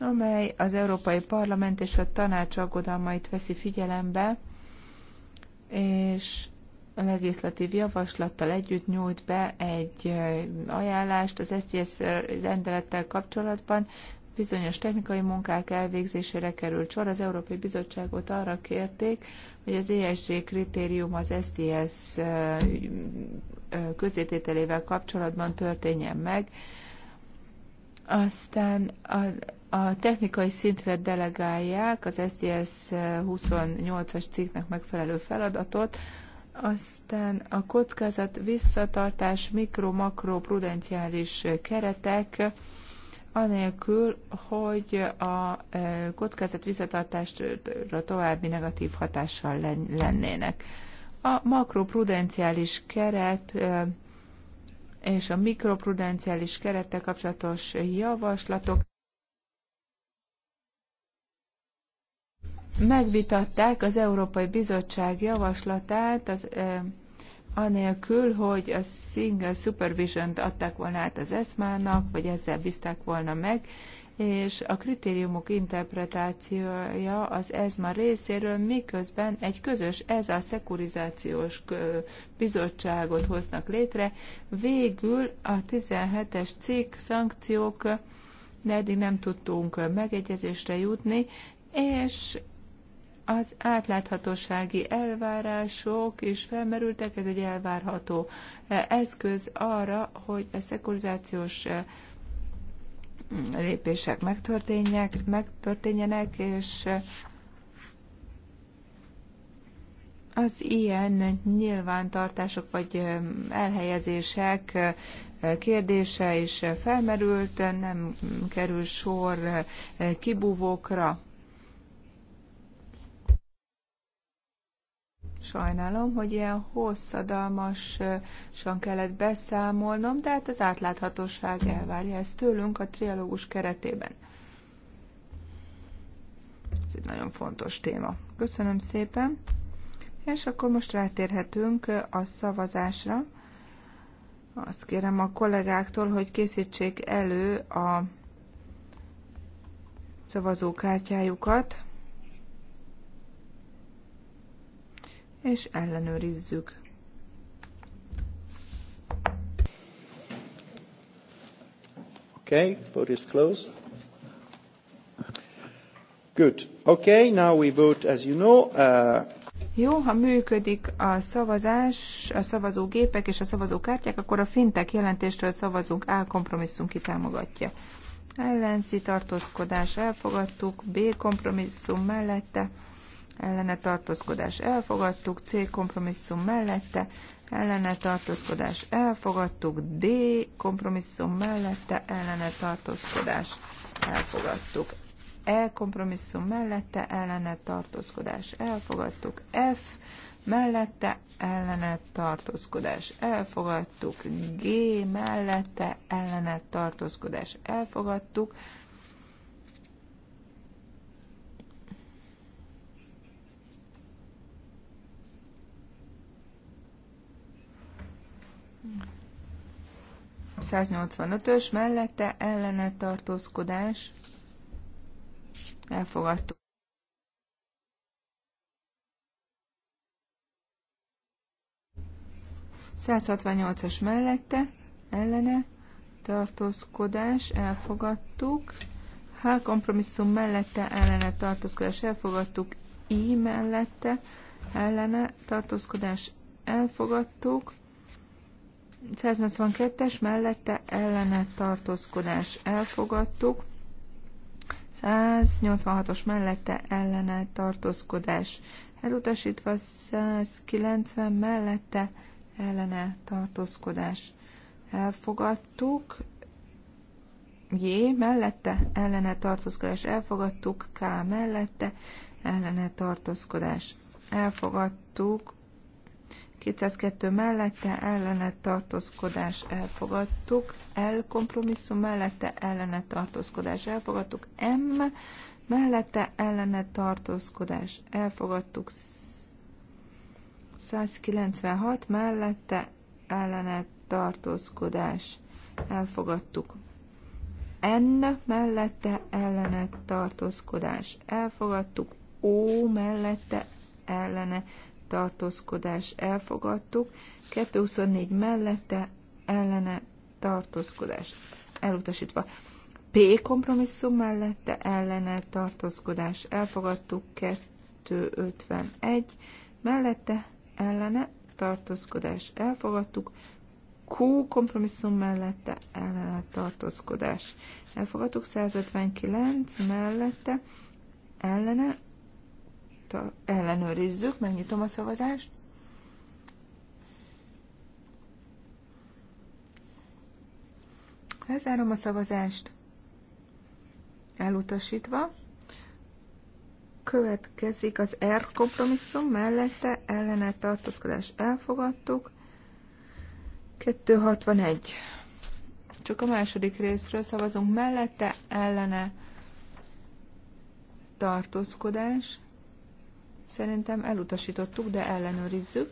amely az Európai Parlament és a Tanács aggodalmait veszi figyelembe, és a legislatív javaslattal együtt nyújt be egy ajánlást az SZTSZ rendelettel kapcsolatban, bizonyos technikai munkák elvégzésére került sor. Az Európai Bizottságot arra kérték, hogy az ESG kritérium az STS közétételével kapcsolatban történjen meg. Aztán a, a technikai szintre delegálják az STS 28-as cikknek megfelelő feladatot, aztán a kockázat visszatartás mikro-makro prudenciális keretek, anélkül, hogy a e, kockázat visszatartásra további negatív hatással lennének. A makroprudenciális keret e, és a mikroprudenciális kerettel kapcsolatos javaslatok megvitatták az Európai Bizottság javaslatát az, eh, anélkül, hogy a single supervision-t adták volna át az ESMA-nak, vagy ezzel bízták volna meg, és a kritériumok interpretációja az ESMA részéről, miközben egy közös ez a szekurizációs bizottságot hoznak létre. Végül a 17-es cikk szankciók, de eddig nem tudtunk megegyezésre jutni, és az átláthatósági elvárások is felmerültek, ez egy elvárható eh, eszköz arra, hogy a szekurizációs eh, lépések megtörténjenek, megtörténjenek és eh, az ilyen nyilvántartások vagy elhelyezések kérdése is felmerült, nem kerül sor kibúvókra. Sajnálom, hogy ilyen hosszadalmasan kellett beszámolnom, de hát az átláthatóság elvárja ezt tőlünk a trialógus keretében. Ez egy nagyon fontos téma. Köszönöm szépen. És akkor most rátérhetünk a szavazásra. Azt kérem a kollégáktól, hogy készítsék elő a szavazókártyájukat. és ellenőrizzük. Okay, vote is closed. Good. Okay, now we vote, as you know. Uh... Jó, ha működik a szavazás, a szavazógépek és a szavazókártyák, akkor a fintek jelentéstől szavazunk, A kompromisszum kitámogatja. Ellenzi tartózkodás elfogadtuk, B kompromisszum mellette ellene tartózkodás elfogadtuk, C kompromisszum mellette, ellene tartózkodás elfogadtuk, D kompromisszum mellette, ellene tartózkodás elfogadtuk. E kompromisszum mellette, ellene tartózkodás elfogadtuk, F mellette, ellene tartózkodás elfogadtuk, G mellette, ellene tartózkodás elfogadtuk, 185-ös mellette ellene tartózkodás. Elfogadtuk. as mellette ellene tartózkodás elfogadtuk. H kompromisszum mellette ellene tartózkodás elfogadtuk. I mellette ellene tartózkodás elfogadtuk. 182-es mellette ellene tartózkodás elfogadtuk. 186-os mellette ellene tartózkodás elutasítva, 190 mellette ellene tartózkodás elfogadtuk. J mellette ellene tartózkodás elfogadtuk, K mellette ellene tartózkodás elfogadtuk, 202 mellette ellene tartózkodás elfogadtuk, L kompromisszum mellette ellene tartózkodás elfogadtuk, M mellette ellene tartózkodás elfogadtuk, 196 mellette ellene tartózkodás elfogadtuk. N mellette ellene tartózkodás elfogadtuk, O mellette ellene tartózkodás elfogadtuk, 224 mellette ellene tartózkodás elutasítva. P kompromisszum mellette ellene tartózkodás elfogadtuk, 251 mellette ellene tartózkodás elfogadtuk, Q kompromisszum mellette ellene tartózkodás elfogadtuk, 159 mellette ellene ellenőrizzük, megnyitom a szavazást. Lezárom a szavazást. Elutasítva. Következik az R kompromisszum, mellette ellene tartózkodás elfogadtuk. 261. Csak a második részről szavazunk mellette, ellene tartózkodás. Szerintem elutasítottuk, de ellenőrizzük.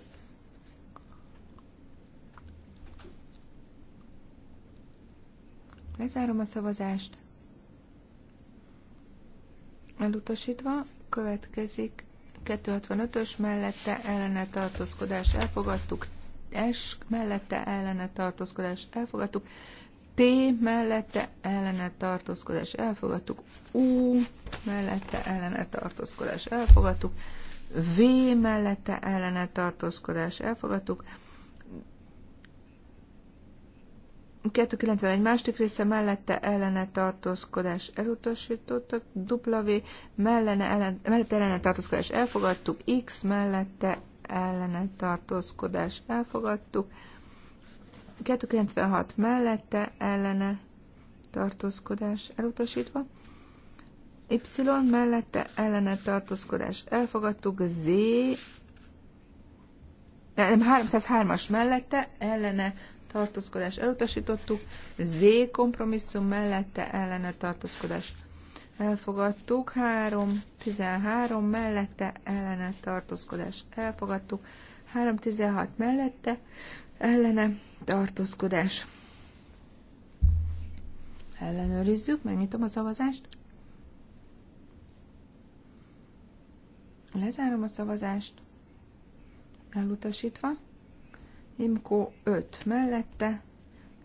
Lezárom a szavazást. Elutasítva következik 265-ös mellette ellene tartózkodás elfogadtuk, S mellette ellene tartózkodás elfogadtuk, T mellette ellene tartózkodás elfogadtuk, U mellette ellene tartózkodás elfogadtuk, V mellette ellene tartózkodás elfogadtuk. 291 másik része mellette ellene tartózkodás elutasítottak, W mellene ellen, mellette ellene tartózkodás elfogadtuk, X mellette ellene tartózkodás elfogadtuk, 296 mellette ellene tartózkodás elutasítva, Y mellette ellene tartózkodás elfogadtuk, Z, nem, 303-as mellette ellene tartózkodás elutasítottuk, Z kompromisszum mellette ellene tartózkodás elfogadtuk, 313 mellette ellene tartózkodás elfogadtuk, 316 mellette ellene tartózkodás. Ellenőrizzük, megnyitom a szavazást. Lezárom a szavazást. Elutasítva. Imko 5 mellette,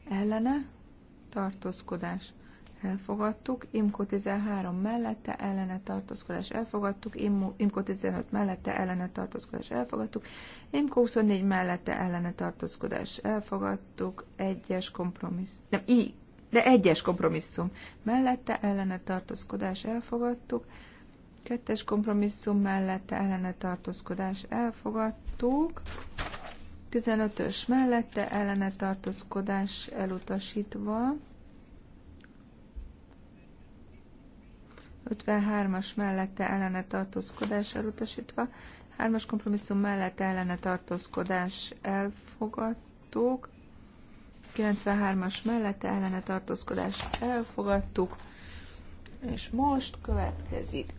ellene, tartózkodás. Elfogadtuk. Imko 13 mellette, ellene, tartózkodás. Elfogadtuk. Imko 15 mellette, ellene, tartózkodás. Elfogadtuk. Imko 24 mellette, ellene, tartózkodás. Elfogadtuk. Egyes kompromissz. Nem, I. De egyes kompromisszum. Mellette, ellene, tartózkodás. Elfogadtuk. Kettes kompromisszum mellette ellene tartózkodás elfogadtuk. 15-ös mellette ellene tartózkodás elutasítva. 53-as mellette ellene tartózkodás elutasítva. 3-as kompromisszum mellette ellene tartózkodás elfogadtuk. 93-as mellette ellene tartózkodás elfogadtuk. És most következik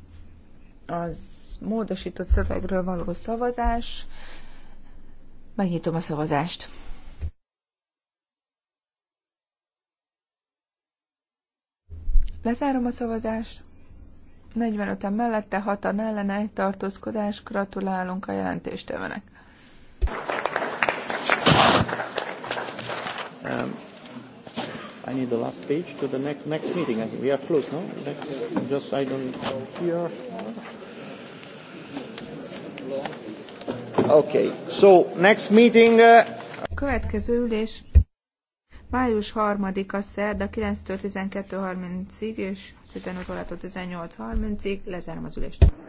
az módosított szövegről való szavazás. Megnyitom a szavazást. Lezárom a szavazást. 45-en mellette, 6-an ellene egy tartózkodás. Gratulálunk a jelentéstevenek. Um, I need the last page to the next, next meeting. We are close, no? Next, just I don't... Here. Okay. So, next meeting, uh... Következő ülés május 3-a szerda 9-től 12.30-ig és 15 órától 18.30-ig. Lezárom az ülést.